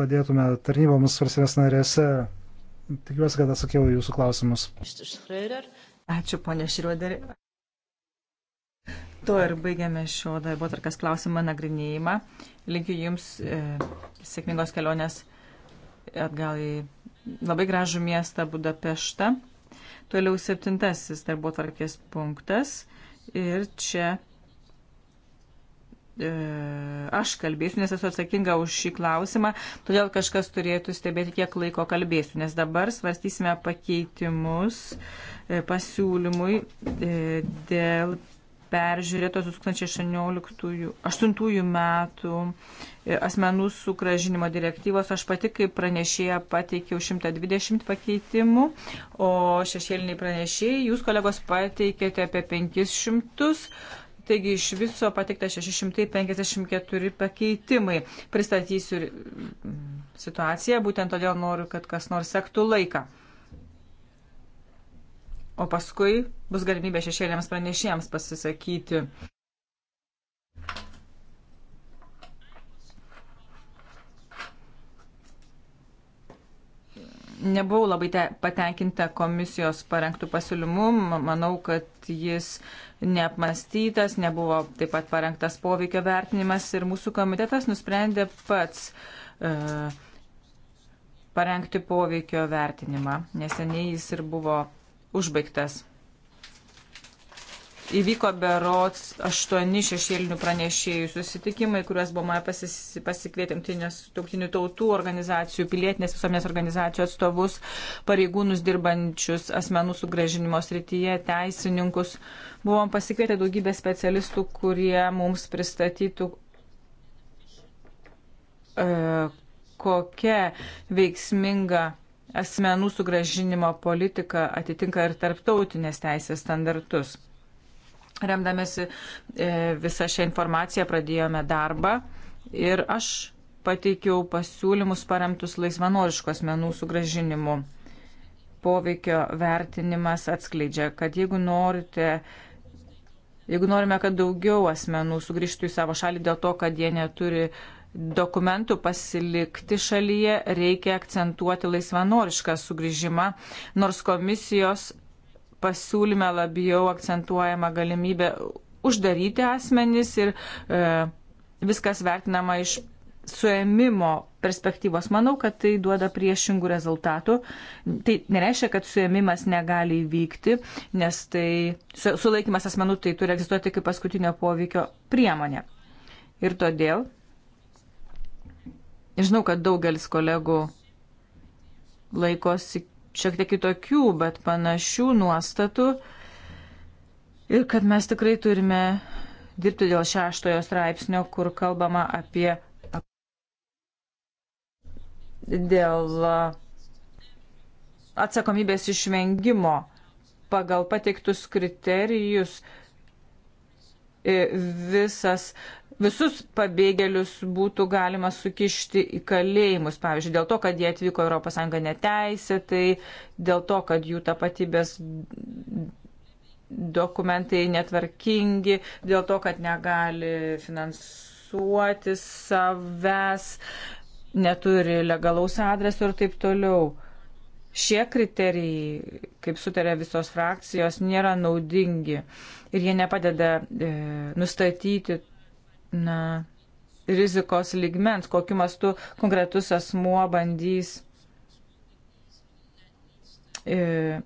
padėtume tarnyboms valstybės narėse. Tikiuosi, kad atsakiau jūsų klausimus. Ačiū, ponė Šrioderi. Tuo ir baigiame šio darbo tarkas klausimą nagrinėjimą. Linkiu Jums e, sėkmingos kelionės atgal į labai gražų miestą Budapeštą. Toliau septintasis darbo tarkės punktas. Ir čia E, aš kalbėsiu, nes esu atsakinga už šį klausimą, todėl kažkas turėtų stebėti, kiek laiko kalbėsiu, nes dabar svarstysime pakeitimus e, pasiūlymui e, dėl peržiūrėtos 2018 metų asmenų sugražinimo direktyvos. Aš pati kaip pranešėja pateikiau 120 pakeitimų, o šešėliniai pranešėjai, jūs kolegos pateikėte apie 500. Taigi iš viso pateikta 654 pakeitimai. Pristatysiu mm, situaciją, būtent todėl noriu, kad kas nors sektų laiką. O paskui bus galimybė šešėliams pranešėjams pasisakyti. nebuvau labai te, patenkinta komisijos parengtų pasiūlymų. Manau, kad jis neapmastytas, nebuvo taip pat parengtas poveikio vertinimas ir mūsų komitetas nusprendė pats e, parengti poveikio vertinimą. Neseniai jis ir buvo užbaigtas. Įvyko berots aštuoni šešėlinių pranešėjų susitikimai, kuriuos buvome pasikvietėm tauktinių tautų organizacijų, pilietinės visuomenės organizacijų atstovus, pareigūnus dirbančius asmenų sugražinimo srityje, teisininkus. Buvom pasikvietę daugybę specialistų, kurie mums pristatytų. E, kokia veiksminga asmenų sugražinimo politika atitinka ir tarptautinės teisės standartus. Remdamėsi e, visą šią informaciją pradėjome darbą ir aš pateikiau pasiūlymus paremtus laisvanoriškų asmenų sugražinimu. Poveikio vertinimas atskleidžia, kad jeigu norite jeigu norime, kad daugiau asmenų sugrįžtų į savo šalį dėl to, kad jie neturi dokumentų pasilikti šalyje, reikia akcentuoti laisvanorišką sugrįžimą, nors komisijos pasiūlyme labiau akcentuojama galimybė uždaryti asmenys ir e, viskas vertinama iš suėmimo perspektyvos. Manau, kad tai duoda priešingų rezultatų. Tai nereiškia, kad suėmimas negali įvykti, nes tai su, sulaikimas asmenų tai turi egzistuoti kaip paskutinio poveikio priemonė. Ir todėl, žinau, kad daugelis kolegų laikosi šiek tiek kitokių, bet panašių nuostatų ir kad mes tikrai turime dirbti dėl šeštojo straipsnio, kur kalbama apie dėl atsakomybės išvengimo pagal pateiktus kriterijus e, visas visus pabėgėlius būtų galima sukišti į kalėjimus, pavyzdžiui, dėl to, kad jie atvyko ES neteisėtai, dėl to, kad jų tapatybės dokumentai netvarkingi, dėl to, kad negali finansuoti savęs, neturi legalaus adreso ir taip toliau. Šie kriterijai, kaip sutarė visos frakcijos, nėra naudingi ir jie nepadeda e, nustatyti na, rizikos ligmens, kokiu mastu konkretus asmuo bandys, e,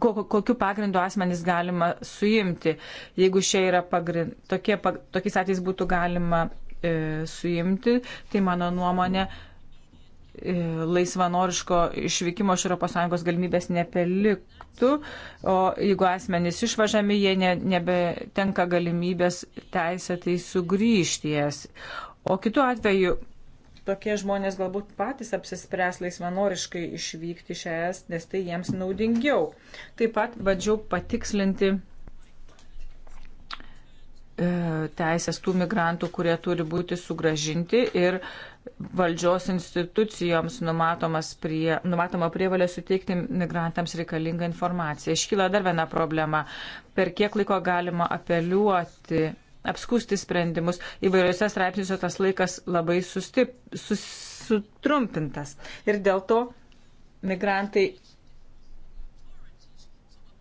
kokiu pagrindu asmenys galima suimti. Jeigu šia yra pagrind, tokie, pag, tokiais atvejais būtų galima e, suimti, tai mano nuomonė, e, laisvanoriško išvykimo iš ES galimybės nepelik, metu, o jeigu asmenys išvažiami, jie ne, nebetenka galimybės teisėtai sugrįžti jas. O kitu atveju tokie žmonės galbūt patys apsispręs laisvanoriškai išvykti iš ES, nes tai jiems naudingiau. Taip pat vadžiau patikslinti e, teisės tų migrantų, kurie turi būti sugražinti ir valdžios institucijoms prie, numatoma prievalė suteikti migrantams reikalingą informaciją. Iškyla dar viena problema. Per kiek laiko galima apeliuoti, apskusti sprendimus. Įvairiuose straipsniuose tas laikas labai sustip, sus, sutrumpintas. Ir dėl to migrantai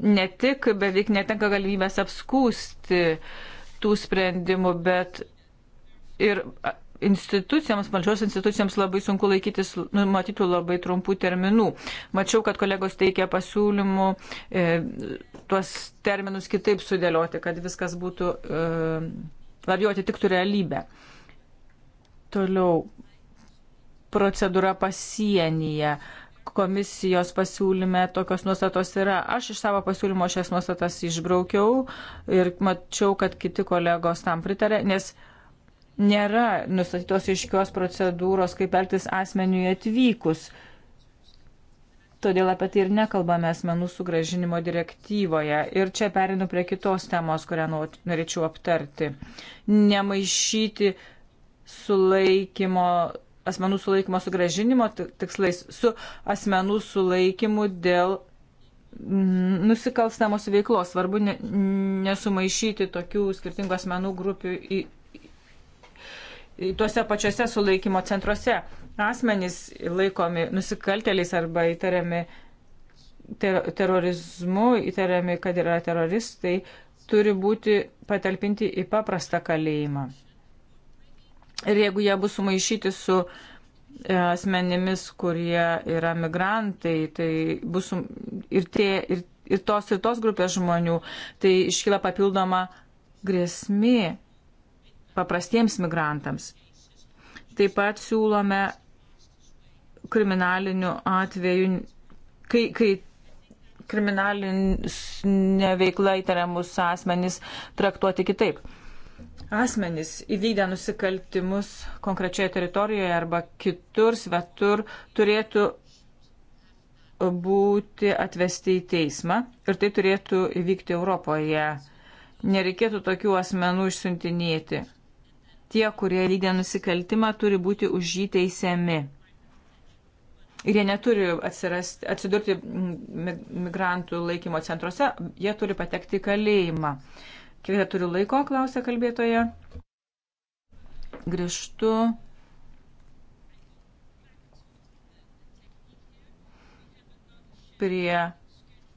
ne tik beveik netenka galimybės apskūsti tų sprendimų, bet ir institucijoms, valdžios institucijoms labai sunku laikytis numatytų labai trumpų terminų. Mačiau, kad kolegos teikia pasiūlymų e, tuos terminus kitaip sudėlioti, kad viskas būtų e, labiau atitiktų realybę. Toliau procedūra pasienyje. Komisijos pasiūlyme tokios nuostatos yra. Aš iš savo pasiūlymo šias nuostatas išbraukiau ir mačiau, kad kiti kolegos tam pritarė, nes e, nėra nustatytos iškios procedūros, kaip elgtis asmeniui atvykus. Todėl apie tai ir nekalbame asmenų sugražinimo direktyvoje. Ir čia perinu prie kitos temos, kurią norėčiau aptarti. Nemaišyti sulaikymo, asmenų sulaikymo sugražinimo tikslais su asmenų sulaikymu dėl nusikalstamos veiklos. Svarbu ne, nesumaišyti tokių skirtingų asmenų grupių į tuose pačiuose sulaikymo centruose. Asmenys laikomi nusikalteliais arba įtariami ter terorizmu, įtariami, kad yra teroristai, turi būti patalpinti į paprastą kalėjimą. Ir jeigu jie bus sumaišyti su e, asmenimis, kurie yra migrantai, tai bus ir, tie, ir, ir tos ir tos grupės žmonių, tai iškyla papildoma grėsmė paprastiems migrantams. Taip pat siūlome kriminalinių atvejų, kai, kai kriminalinė veikla įtariamus asmenys traktuoti kitaip. Asmenys įvykdę nusikaltimus konkrečioje teritorijoje arba kitur svetur turėtų būti atvesti į teismą ir tai turėtų įvykti Europoje. Nereikėtų tokių asmenų išsiuntinėti tie, kurie vykdė nusikaltimą, turi būti už jį teisiami. Ir jie neturi atsirasti, atsidurti migrantų laikymo centruose, jie turi patekti į kalėjimą. Kiek jie turi laiko, klausė kalbėtoje. Grįžtu. prie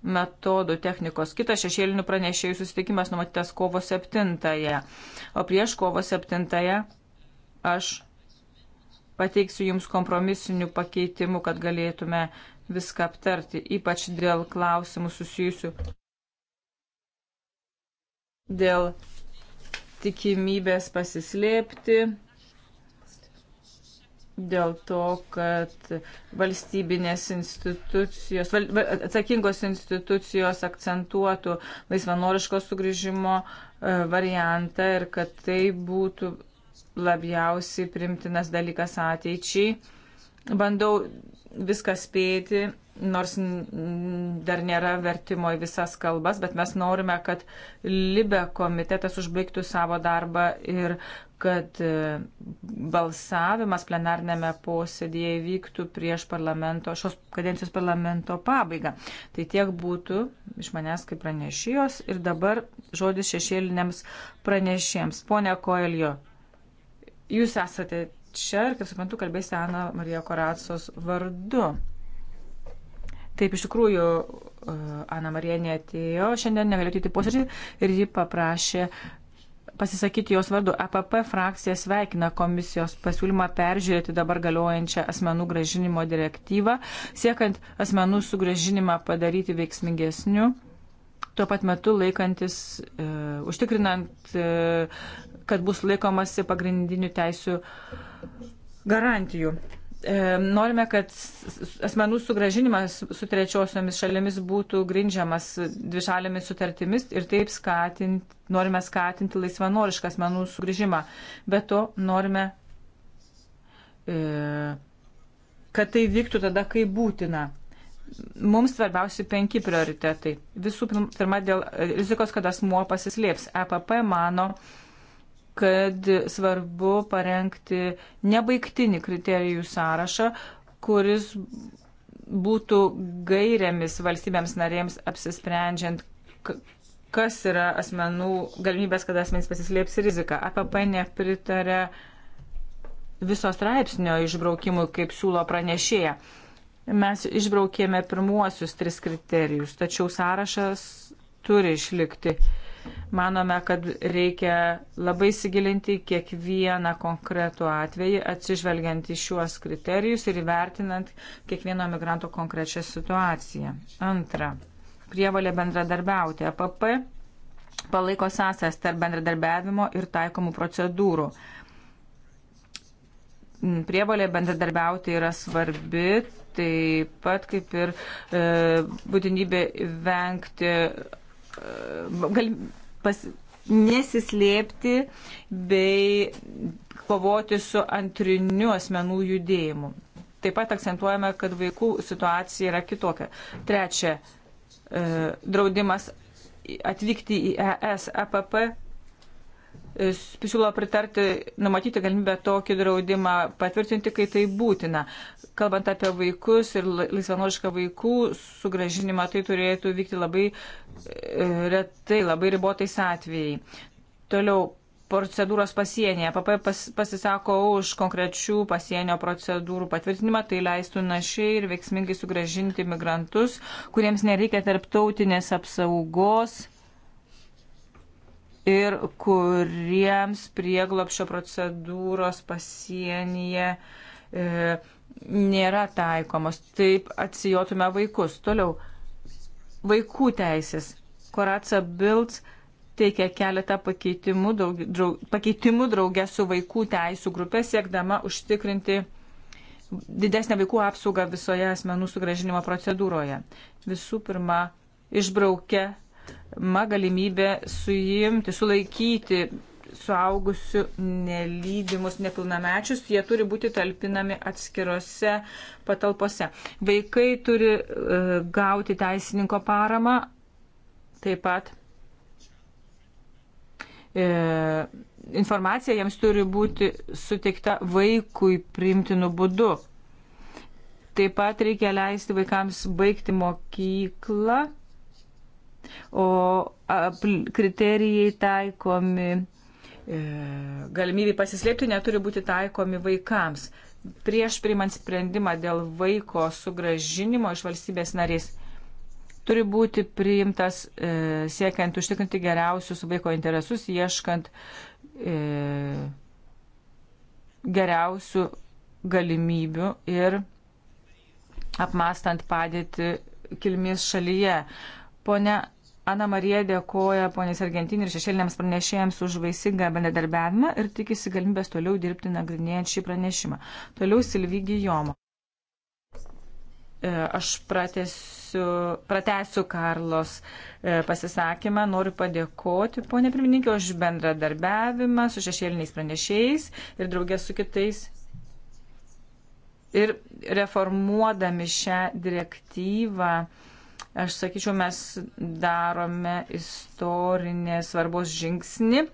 metodų technikos. Kitas šešėlinių pranešėjų susitikimas numatytas kovo 7-ąją. O prieš kovo 7-ąją aš pateiksiu Jums kompromisinių pakeitimų, kad galėtume viską aptarti, ypač dėl klausimų susijusių dėl tikimybės pasislėpti dėl to, kad valstybinės institucijos, atsakingos institucijos akcentuotų laisvanoriško sugrįžimo e, variantą ir kad tai būtų labiausiai primtinas dalykas ateičiai. Bandau viską spėti nors dar nėra vertimo į visas kalbas, bet mes norime, kad Libe komitetas užbaigtų savo darbą ir kad e, balsavimas plenarnėme posėdėje įvyktų prieš parlamento, šios kadencijos parlamento pabaigą. Tai tiek būtų iš manęs kaip pranešijos ir dabar žodis šešėliniams pranešėjams. Pone Koelio, jūs esate čia ir, kaip suprantu, kalbėsite Ana Marija Koracos vardu. Taip, iš tikrųjų, e, Ana Marija netėjo, šiandien negalėjo ateiti posėdžiui ir ji paprašė pasisakyti jos vardu. APP e frakcija sveikina komisijos pasiūlymą peržiūrėti dabar galiojančią asmenų gražinimo direktyvą, siekant asmenų sugražinimą padaryti veiksmingesniu, tuo pat metu laikantis, e, užtikrinant, e, kad bus laikomasi pagrindinių teisių garantijų. E, norime, kad asmenų sugražinimas su trečiosiomis šalimis būtų grindžiamas dvišalėmis sutartimis ir taip skatinti, norime skatinti laisvanorišką asmenų sugrįžimą. Be to norime, e, kad tai vyktų tada, kai būtina. Mums svarbiausi penki prioritetai. Visų pirma, dėl rizikos, kad asmuo pasislėps. EPP mano, kad svarbu parengti nebaigtinį kriterijų sąrašą, kuris būtų gairėmis valstybėms narėms apsisprendžiant, kas yra asmenų galimybės, kada asmenys pasislėps rizika. APP nepritarė viso straipsnio išbraukimui, kaip siūlo pranešėja. Mes išbraukėme pirmuosius tris kriterijus, tačiau sąrašas turi išlikti Manome, kad reikia labai įsigilinti kiekvieną konkretų atvejį, atsižvelgiant į šiuos kriterijus ir įvertinant kiekvieno migranto konkrečią situaciją. Antra, prievalė bendradarbiauti. APP e palaiko sąsęs tarp bendradarbiavimo ir taikomų procedūrų. Mm, prievalė bendradarbiauti yra svarbi, taip pat kaip ir e, būtinybė vengti gal, pas, nesislėpti bei kovoti su antriniu asmenų judėjimu. Taip pat akcentuojame, kad vaikų situacija yra kitokia. Trečia, e, draudimas atvykti į ES, APP e E, siūlo pritarti, numatyti galimybę tokį draudimą patvirtinti, kai tai būtina. Kalbant apie vaikus ir laisvanorišką vaikų sugražinimą, tai turėtų vykti labai e, retai, labai ribotais atvejai. Toliau, procedūros pasienyje. PP pas, pasisako už konkrečių pasienio procedūrų patvirtinimą, tai leistų našiai ir veiksmingai sugražinti migrantus, kuriems nereikia tarptautinės apsaugos ir kuriems prieglopšio procedūros pasienyje e, nėra taikomos. Taip atsijotume vaikus. Toliau, vaikų teisės. Koraca Bilds teikia keletą pakeitimų, daug, draug, pakeitimų draugę su vaikų teisų grupė, siekdama užtikrinti didesnę vaikų apsaugą visoje asmenų sugražinimo procedūroje. Visų pirma, išbraukia ma galimybė suimti, sulaikyti suaugusių nelydimus nepilnamečius, jie turi būti talpinami atskirose patalpose. Vaikai turi uh, gauti teisininko paramą, taip pat e, informacija jiems turi būti suteikta vaikui priimtinu būdu. Taip pat reikia leisti vaikams baigti mokyklą o kriterijai taikomi e, galimybė pasislėpti neturi būti taikomi vaikams. Prieš priimant sprendimą dėl vaiko sugražinimo iš valstybės narės turi būti priimtas e, siekiant užtikrinti geriausius vaiko interesus, ieškant e, geriausių galimybių ir apmastant padėti kilmės šalyje. E, Pone Ana Marija dėkoja ponės Argentinai ir šešėliniams pranešėjams už vaisingą bendradarbiavimą ir tikisi galimybės toliau dirbti nagrinėjant šį pranešimą. Toliau Silvygį Jomo. E, aš pratesiu, pratesiu Karlos e, pasisakymą. Noriu padėkoti, ponė pirmininkė, už bendradarbiavimą su šešėliniais pranešėjais ir draugės su kitais ir reformuodami šią direktyvą Aš sakyčiau, mes darome istorinės svarbos žingsnį.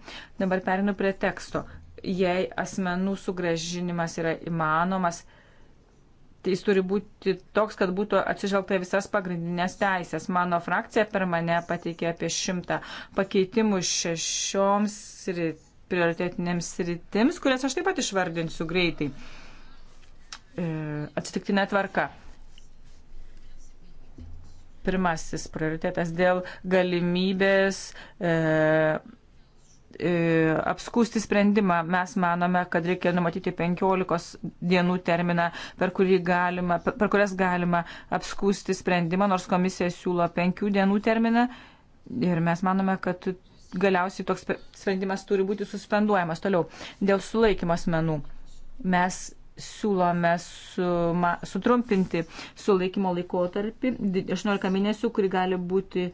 Dabar perinu prie teksto. Jei asmenų sugražinimas yra įmanomas, tai jis turi būti toks, kad būtų atsižvelgta visas pagrindinės teisės. Mano frakcija per mane pateikė apie šimtą pakeitimų šešioms prioritetinėms sritims, kurias aš taip pat išvardinsiu greitai. E, atsitiktinė tvarka. Pirmasis prioritetas dėl galimybės e, e, apskūsti sprendimą. Mes manome, kad reikia numatyti 15 dienų terminą, per, galima, per, per kurias galima apskūsti sprendimą, nors komisija siūlo 5 dienų terminą. Ir mes manome, kad galiausiai toks sprendimas turi būti suspenduojamas. Toliau, dėl sulaikymas menų. Mes siūlome suma, sutrumpinti sulaikymo laikotarpį 18 mėnesių, kuri gali būti,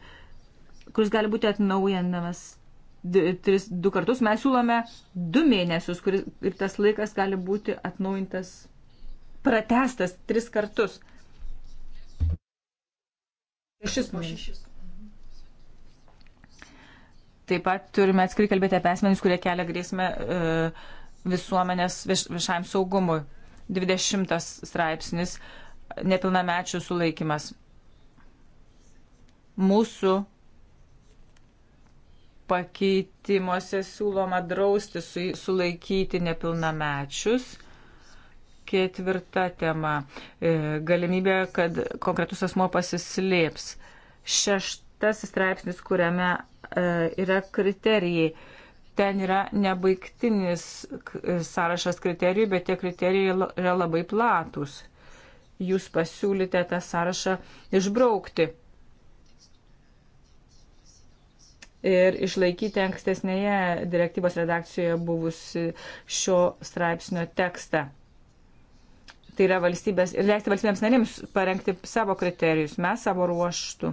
kuris gali būti atnaujinamas tris, du kartus. Mes siūlome du mėnesius kuris, ir tas laikas gali būti atnaujintas, pratestas tris kartus. Šešis po šešis. Taip pat turime atskiri kalbėti apie asmenys, kurie kelia grėsmę. Uh, e, visuomenės viš, viešajam saugumui. 20 straipsnis nepilnamečių sulaikimas. Mūsų pakeitimuose siūloma drausti su, sulaikyti nepilnamečius. Ketvirta tema - e, galimybė, kad konkretus asmo pasislėps. Šeštasis straipsnis, kuriame e, yra kriterijai ten yra nebaigtinis sąrašas kriterijų, bet tie kriterijai yra labai platus. Jūs pasiūlyte tą sąrašą išbraukti ir išlaikyti ankstesnėje direktyvos redakcijoje buvusi šio straipsnio tekstą. Tai yra valstybės ir leisti valstybėms narims parengti savo kriterijus, mes savo ruoštų.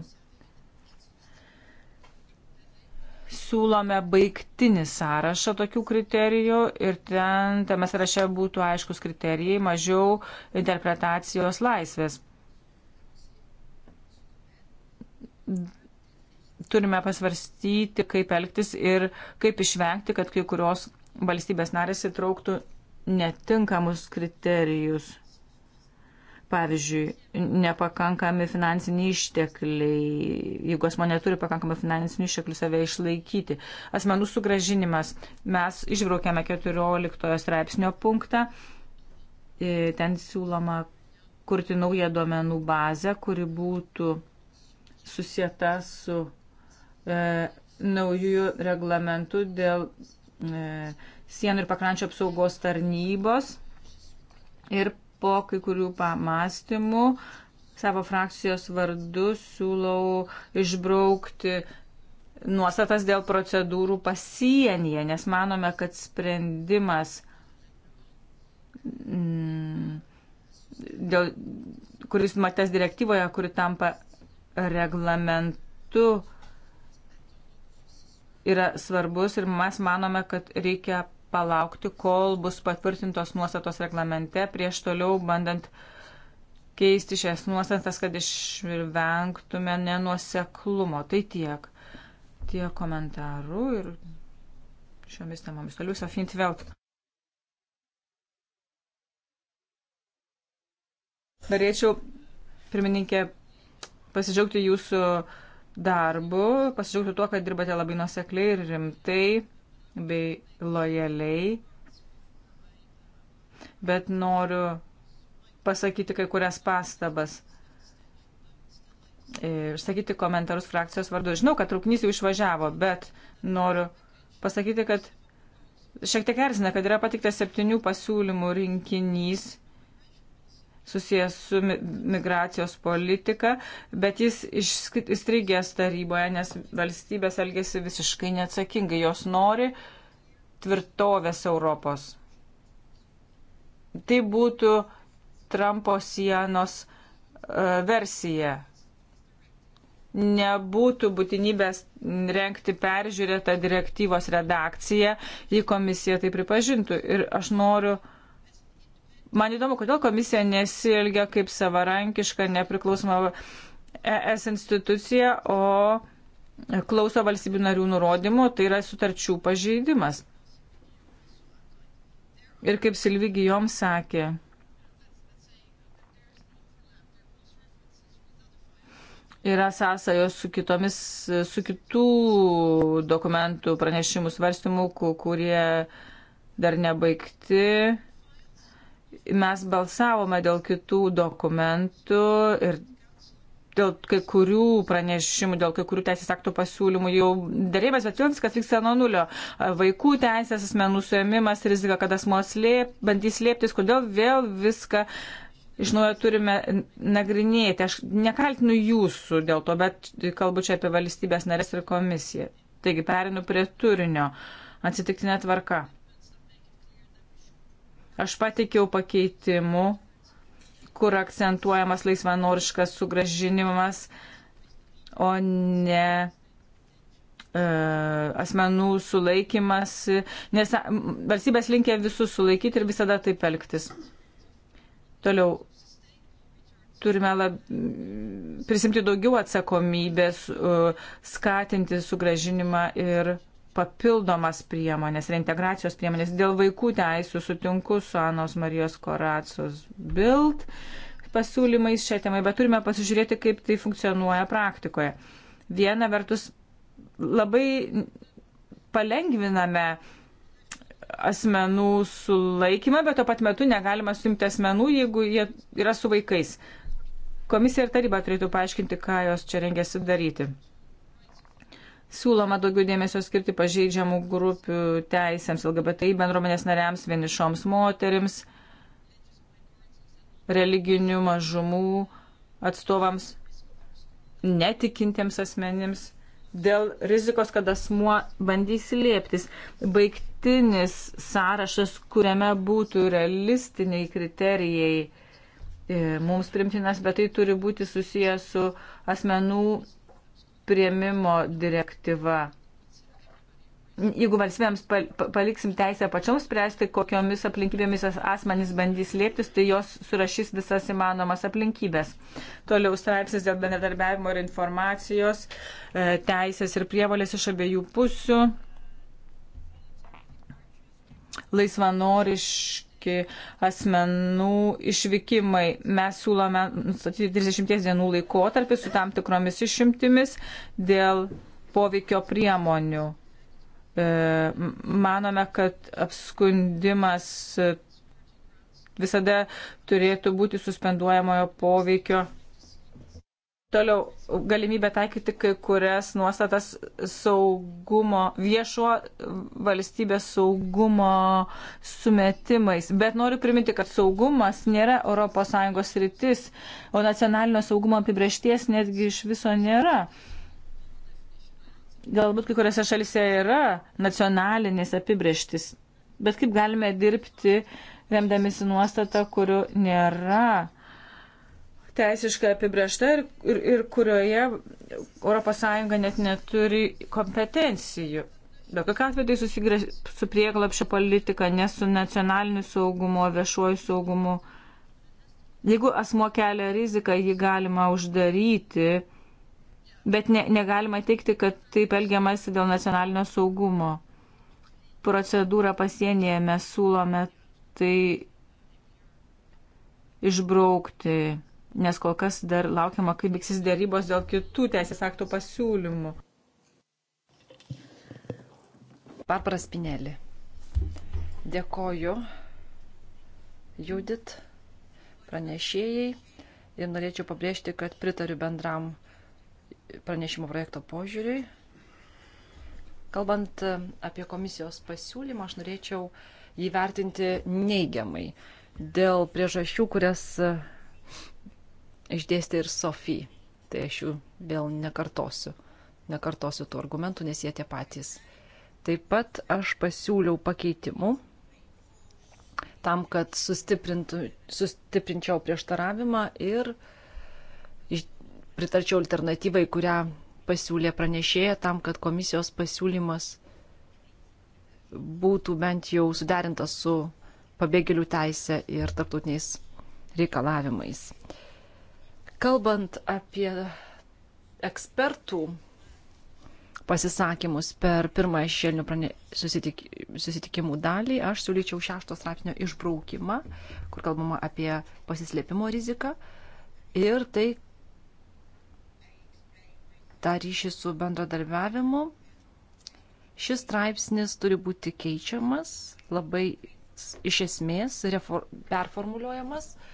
siūlome baigtinį sąrašą tokių kriterijų ir ten tame sąraše būtų aiškus kriterijai, mažiau interpretacijos laisvės. Turime pasvarstyti, kaip elgtis ir kaip išvengti, kad kai kurios valstybės narės įtrauktų netinkamus kriterijus. Pavyzdžiui, nepakankami finansiniai ištekliai, jeigu asmo neturi pakankamai finansinių išteklių save išlaikyti. Asmenų sugražinimas. Mes išbraukėme 14 straipsnio punktą. E, ten siūloma kurti naują duomenų bazę, kuri būtų susieta su e, naujų reglamentų dėl e, sienų ir pakrančio apsaugos tarnybos ir po kai kurių pamastymų savo frakcijos vardu siūlau išbraukti nuostatas dėl procedūrų pasienyje, nes manome, kad sprendimas mm, dėl, kuris matęs direktyvoje, kuri tampa reglamentu, yra svarbus ir mes manome, kad reikia palaukti, kol bus patvirtintos nuostatos reglamente, prieš toliau bandant keisti šias nuostatas, kad išvengtume nenuoseklumo. Tai tiek. Tiek komentarų ir šiomis temomis. Toliau Sofint Velt. Norėčiau, pirmininkė, pasidžiaugti jūsų darbu, pasidžiaugti tuo, kad dirbate labai nusekliai ir rimtai bei lojaliai, bet noriu pasakyti kai kurias pastabas e, išsakyti komentarus frakcijos vardu. Žinau, kad truknys jau išvažiavo, bet noriu pasakyti, kad šiek tiek erzina, kad yra patiktas septynių pasiūlymų rinkinys susijęs su migracijos politika, bet jis įstrigęs taryboje, nes valstybės elgesi visiškai neatsakingai, jos nori tvirtovės Europos. Tai būtų Trumpo sienos e, versija. Nebūtų būtinybės renkti peržiūrėtą direktyvos redakciją, jei komisija tai pripažintų. Ir aš noriu Man įdomu, kodėl komisija nesilgia kaip savarankiška, nepriklausoma ES institucija, o klauso valstybių narių nurodymų, tai yra sutarčių pažeidimas. Ir kaip Silvigi joms sakė, yra sąsajos su, kitomis, su kitų dokumentų pranešimų svarstymų, kurie dar nebaigti Mes balsavome dėl kitų dokumentų ir dėl kai kurių pranešimų, dėl kai kurių teisės aktų pasiūlymų jau dėrėmės, bet jau viskas vyksta nuo nulio. Vaikų teisės, asmenų suėmimas, rizika, kad asmo slėp, bandys slėptis, kodėl vėl viską iš naujo turime nagrinėti. Aš nekaltinu jūsų dėl to, bet kalbu čia apie valstybės narės ir komisiją. Taigi perinu prie turinio. Atsitiktinė tvarka. Aš patikiau pakeitimų, kur akcentuojamas laisvanoriškas sugražinimas, o ne e, asmenų sulaikimas, nes valstybės linkia visus sulaikyti ir visada taip elgtis. Toliau turime lab, prisimti daugiau atsakomybės, e, skatinti sugražinimą ir papildomas priemonės, reintegracijos priemonės. Dėl vaikų teisų sutinku su Anos Marijos Koracijos Bild pasiūlymais šią temą, bet turime pasižiūrėti, kaip tai funkcionuoja praktikoje. Viena vertus, labai palengviname asmenų sulaikymą, bet tuo pat metu negalima suimti asmenų, jeigu jie yra su vaikais. Komisija ir taryba turėtų paaiškinti, ką jos čia rengėsi daryti. Siūloma daugiau dėmesio skirti pažeidžiamų grupių teisėms, LGBTI bendruomenės nariams, vienišoms moterims, religinių mažumų atstovams, netikintiems asmenims dėl rizikos, kad asmuo bandys slėptis. Baigtinis sąrašas, kuriame būtų realistiniai kriterijai e, mums primtinas, bet tai turi būti susijęs su asmenų prieimimo direktyva. Jeigu valstybėms paliksim teisę pačioms spręsti, kokiomis aplinkybėmis asmenys bandys lėptis, tai jos surašys visas įmanomas aplinkybės. Toliau straipsnis dėl bendradarbiavimo ir informacijos, e, teisės ir prievalės iš abiejų pusių, laisvanoriškai tokie asmenų išvykimai. Mes siūlome nustatyti 30 dienų laikotarpį su tam tikromis išimtimis dėl poveikio priemonių. E, manome, kad apskundimas e, visada turėtų būti suspenduojamojo poveikio Toliau galimybė taikyti kai kurias nuostatas saugumo, viešo valstybės saugumo sumetimais. Bet noriu priminti, kad saugumas nėra ES rytis, o nacionalinio saugumo apibriešties netgi iš viso nėra. Galbūt kai kuriuose šalise yra nacionalinis apibrieštis, bet kaip galime dirbti remdamėsi nuostatą, kurių nėra teisiškai apibriešta ir, ir, ir kurioje ES net neturi kompetencijų. Bet kokiu atveju tai susigrė su prieglapšio politika, ne su nacionaliniu saugumu, viešuoju saugumu. Jeigu asmo kelia riziką, jį galima uždaryti, bet ne, negalima teikti, kad taip elgiamasi dėl nacionalinio saugumo. Procedūrą pasienyje mes siūlome tai išbraukti nes kol kas dar laukiama, kaip vyksis dėrybos dėl kitų teisės aktų pasiūlymų. Papras Pinelį. Dėkoju, Judit, pranešėjai ir norėčiau pabrėžti, kad pritariu bendram pranešimo projekto požiūriui. Kalbant apie komisijos pasiūlymą, aš norėčiau jį vertinti neigiamai dėl priežasčių, kurias išdėstė ir Sofija. Tai aš jų vėl nekartosiu. Nekartosiu tų argumentų, nes jie tie patys. Taip pat aš pasiūliau pakeitimų tam, kad sustiprinčiau prieštaravimą ir pritarčiau alternatyvai, kurią pasiūlė pranešėja, tam, kad komisijos pasiūlymas būtų bent jau suderintas su pabėgėlių teisė ir tarptautiniais reikalavimais. Kalbant apie ekspertų pasisakymus per pirmąją šešėlinių prane... susitik... susitikimų dalį, aš siūlyčiau šešto straipsnio išbraukimą, kur kalbama apie pasislėpimo riziką ir tai tą ryšį su bendradarbiavimu. Šis straipsnis turi būti keičiamas, labai iš esmės performuliuojamas. Reform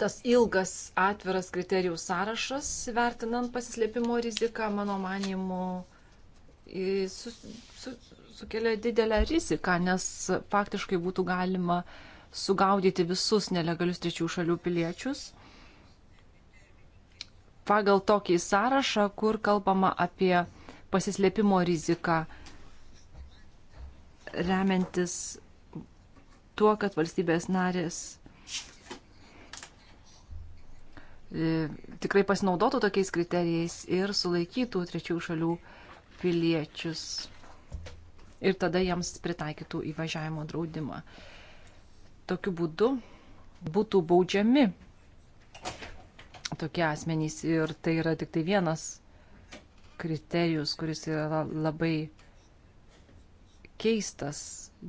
tas ilgas atviras kriterijų sąrašas, vertinant pasislėpimo riziką, mano manimu, sus, su, sukelia didelę riziką, nes faktiškai būtų galima sugaudyti visus nelegalius trečių šalių piliečius. Pagal tokį sąrašą, kur kalbama apie pasislėpimo riziką, remiantis tuo, kad valstybės narės E, tikrai pasinaudotų tokiais kriterijais ir sulaikytų trečių šalių piliečius. Ir tada jiems pritaikytų įvažiavimo draudimą. Tokiu būdu būtų baudžiami tokie asmenys ir tai yra tik tai vienas kriterijus, kuris yra labai keistas,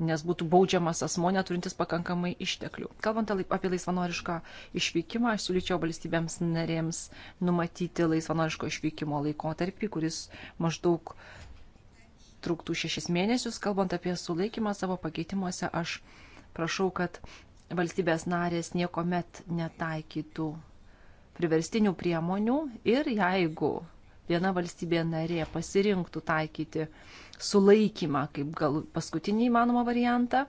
nes būtų baudžiamas asmo neturintis pakankamai išteklių. Kalbant apie laisvanorišką išvykimą, aš siūlyčiau valstybėms narėms numatyti laisvanoriško išvykimo laikotarpį, kuris maždaug truktų šešis mėnesius. Kalbant apie sulaikymą savo pakeitimuose, aš prašau, kad valstybės narės niekuomet netaikytų priverstinių priemonių ir jeigu viena valstybė narė pasirinktų taikyti sulaikymą kaip gal paskutinį įmanomą variantą,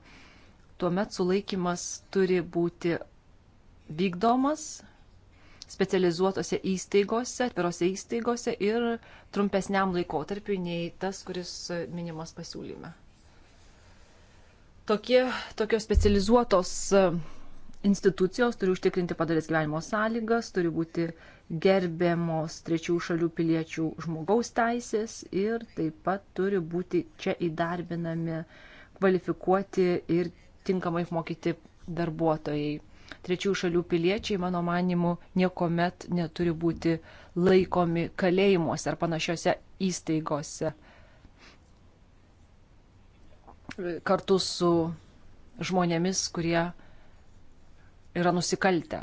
tuomet sulaikymas turi būti vykdomas specializuotose įstaigose, atvirose įstaigose ir trumpesniam laikotarpiu nei tas, kuris minimas pasiūlyme tokie, tokios specializuotos institucijos turi užtikrinti padarės gyvenimo sąlygas, turi būti gerbiamos trečių šalių piliečių žmogaus teisės ir taip pat turi būti čia įdarbinami, kvalifikuoti ir tinkamai apmokyti darbuotojai. Trečių šalių piliečiai, mano manimu, niekuomet neturi būti laikomi kalėjimuose ar panašiose įstaigose kartu su žmonėmis, kurie yra nusikaltę,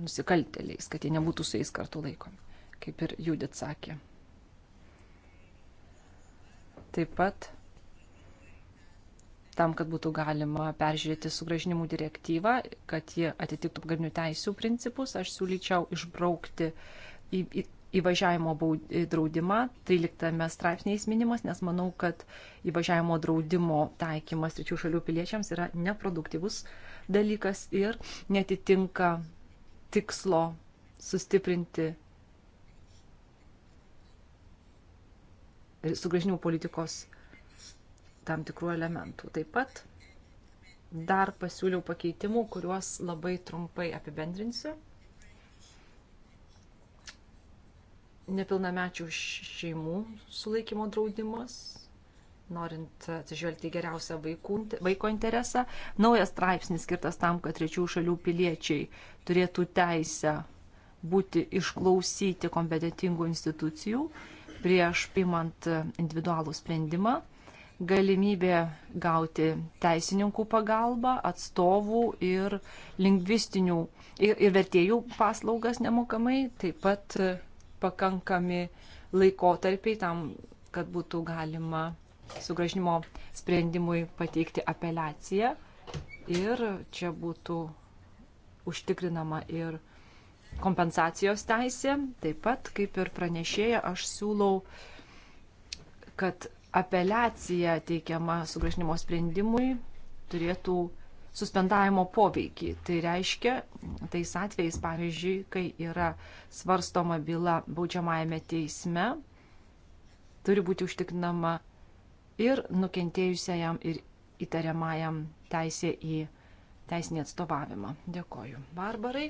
nusikalteliais, kad jie nebūtų su jais kartu laikomi, kaip ir Judit sakė. Taip pat tam, kad būtų galima peržiūrėti sugražinimų direktyvą, kad ji atitiktų pagrindinių teisų principus, aš siūlyčiau išbraukti į, į įvažiavimo draudimą, 13 straipsniais minimas, nes manau, kad įvažiavimo draudimo taikymas trečių šalių piliečiams yra neproduktyvus dalykas ir netitinka tikslo sustiprinti sugražinimų politikos tam tikrų elementų. Taip pat dar pasiūliau pakeitimų, kuriuos labai trumpai apibendrinsiu. nepilnamečių šeimų sulaikymo draudimas, norint atsižvelgti geriausią vaikų, vaiko interesą. Naujas straipsnis skirtas tam, kad trečių šalių piliečiai turėtų teisę būti išklausyti kompetitingų institucijų prieš priimant individualų sprendimą, galimybė gauti teisininkų pagalbą, atstovų ir lingvistinių ir, ir vertėjų paslaugas nemokamai, taip pat pakankami laikotarpiai tam, kad būtų galima sugražinimo sprendimui pateikti apeliaciją ir čia būtų užtikrinama ir kompensacijos teisė. Taip pat, kaip ir pranešėja, aš siūlau, kad apeliacija teikiama sugražinimo sprendimui turėtų suspendavimo poveikį. Tai reiškia, tais atvejais, pavyzdžiui, kai yra svarstoma byla baudžiamajame teisme, turi būti užtikrinama ir nukentėjusiajam, ir įtariamajam teisė į teisinį atstovavimą. Dėkoju. Barbarai.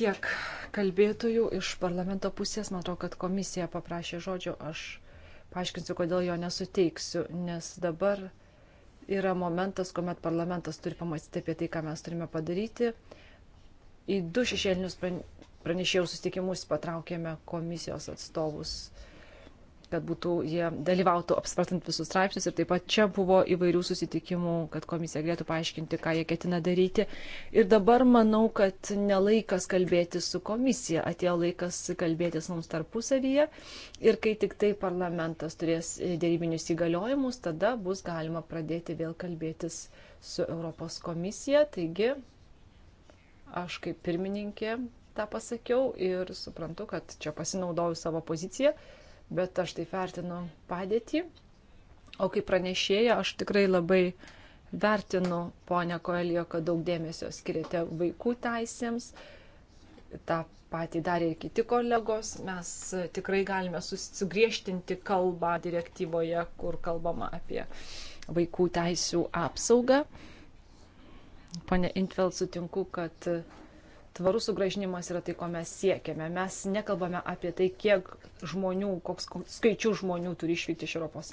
Tiek kalbėtojų iš parlamento pusės, matau, kad komisija paprašė žodžio, aš paaiškinsiu, kodėl jo nesuteiksiu, nes dabar yra momentas, kuomet parlamentas turi pamastyti apie tai, ką mes turime padaryti. Į du šešėlinius pranešėjų susitikimus patraukėme komisijos atstovus kad būtų jie dalyvautų apsvartant visus straipsnius ir taip pat čia buvo įvairių susitikimų, kad komisija galėtų paaiškinti, ką jie ketina daryti. Ir dabar manau, kad nelaikas kalbėti su komisija, atėjo laikas kalbėtis mums tarpusavyje ir kai tik tai parlamentas turės dėrybinius įgaliojimus, tada bus galima pradėti vėl kalbėtis su Europos komisija. Taigi, aš kaip pirmininkė tą pasakiau ir suprantu, kad čia pasinaudoju savo poziciją bet aš tai vertinu padėtį. O kaip pranešėja, aš tikrai labai vertinu ponę Koelijo, kad daug dėmesio skiriate vaikų teisėms. Ta patį darė ir kiti kolegos. Mes tikrai galime sugriežtinti kalbą direktyvoje, kur kalbama apie vaikų teisų apsaugą. Pane Intveld sutinku, kad tvarus sugražinimas yra tai, ko mes siekiame. Mes nekalbame apie tai, kiek žmonių, koks skaičių žmonių turi išvykti iš ES.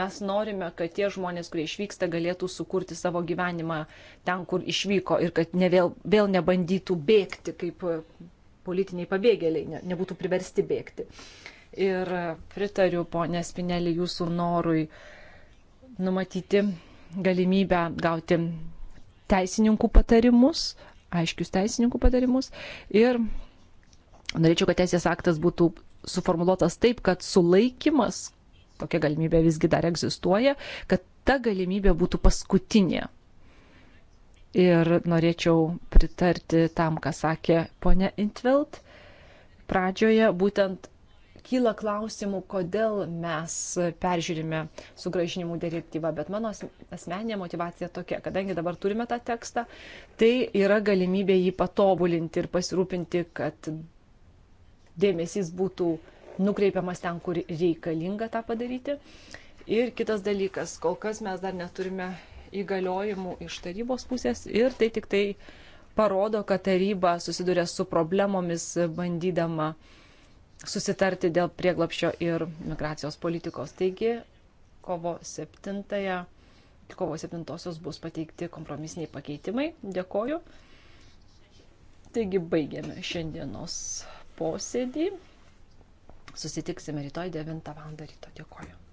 Mes norime, kad tie žmonės, kurie išvyksta, galėtų sukurti savo gyvenimą ten, kur išvyko ir kad ne vėl, vėl nebandytų bėgti kaip e, politiniai pabėgėliai, ne, nebūtų priversti bėgti. Ir e, pritariu, ponė Spinelį, jūsų norui numatyti galimybę gauti teisininkų patarimus aiškius teisininkų patarimus ir norėčiau, kad teisės aktas būtų suformuoluotas taip, kad sulaikimas, tokia galimybė visgi dar egzistuoja, kad ta galimybė būtų paskutinė. Ir norėčiau pritarti tam, ką sakė ponia Intvelt pradžioje, būtent kyla klausimų, kodėl mes peržiūrime sugražinimų direktyvą, bet mano asmeninė motivacija tokia, kadangi dabar turime tą tekstą, tai yra galimybė jį patobulinti ir pasirūpinti, kad dėmesys būtų nukreipiamas ten, kur reikalinga tą padaryti. Ir kitas dalykas, kol kas mes dar neturime įgaliojimų iš tarybos pusės ir tai tik tai parodo, kad taryba susiduria su problemomis bandydama uh, susitarti dėl prieglapščio ir migracijos politikos. Taigi, kovo 7-ąją, kovo 7-osios bus pateikti kompromisiniai pakeitimai. Dėkoju. Taigi, baigiame šiandienos posėdį. Susitiksime rytoj 9 val. ryto. Dėkoju.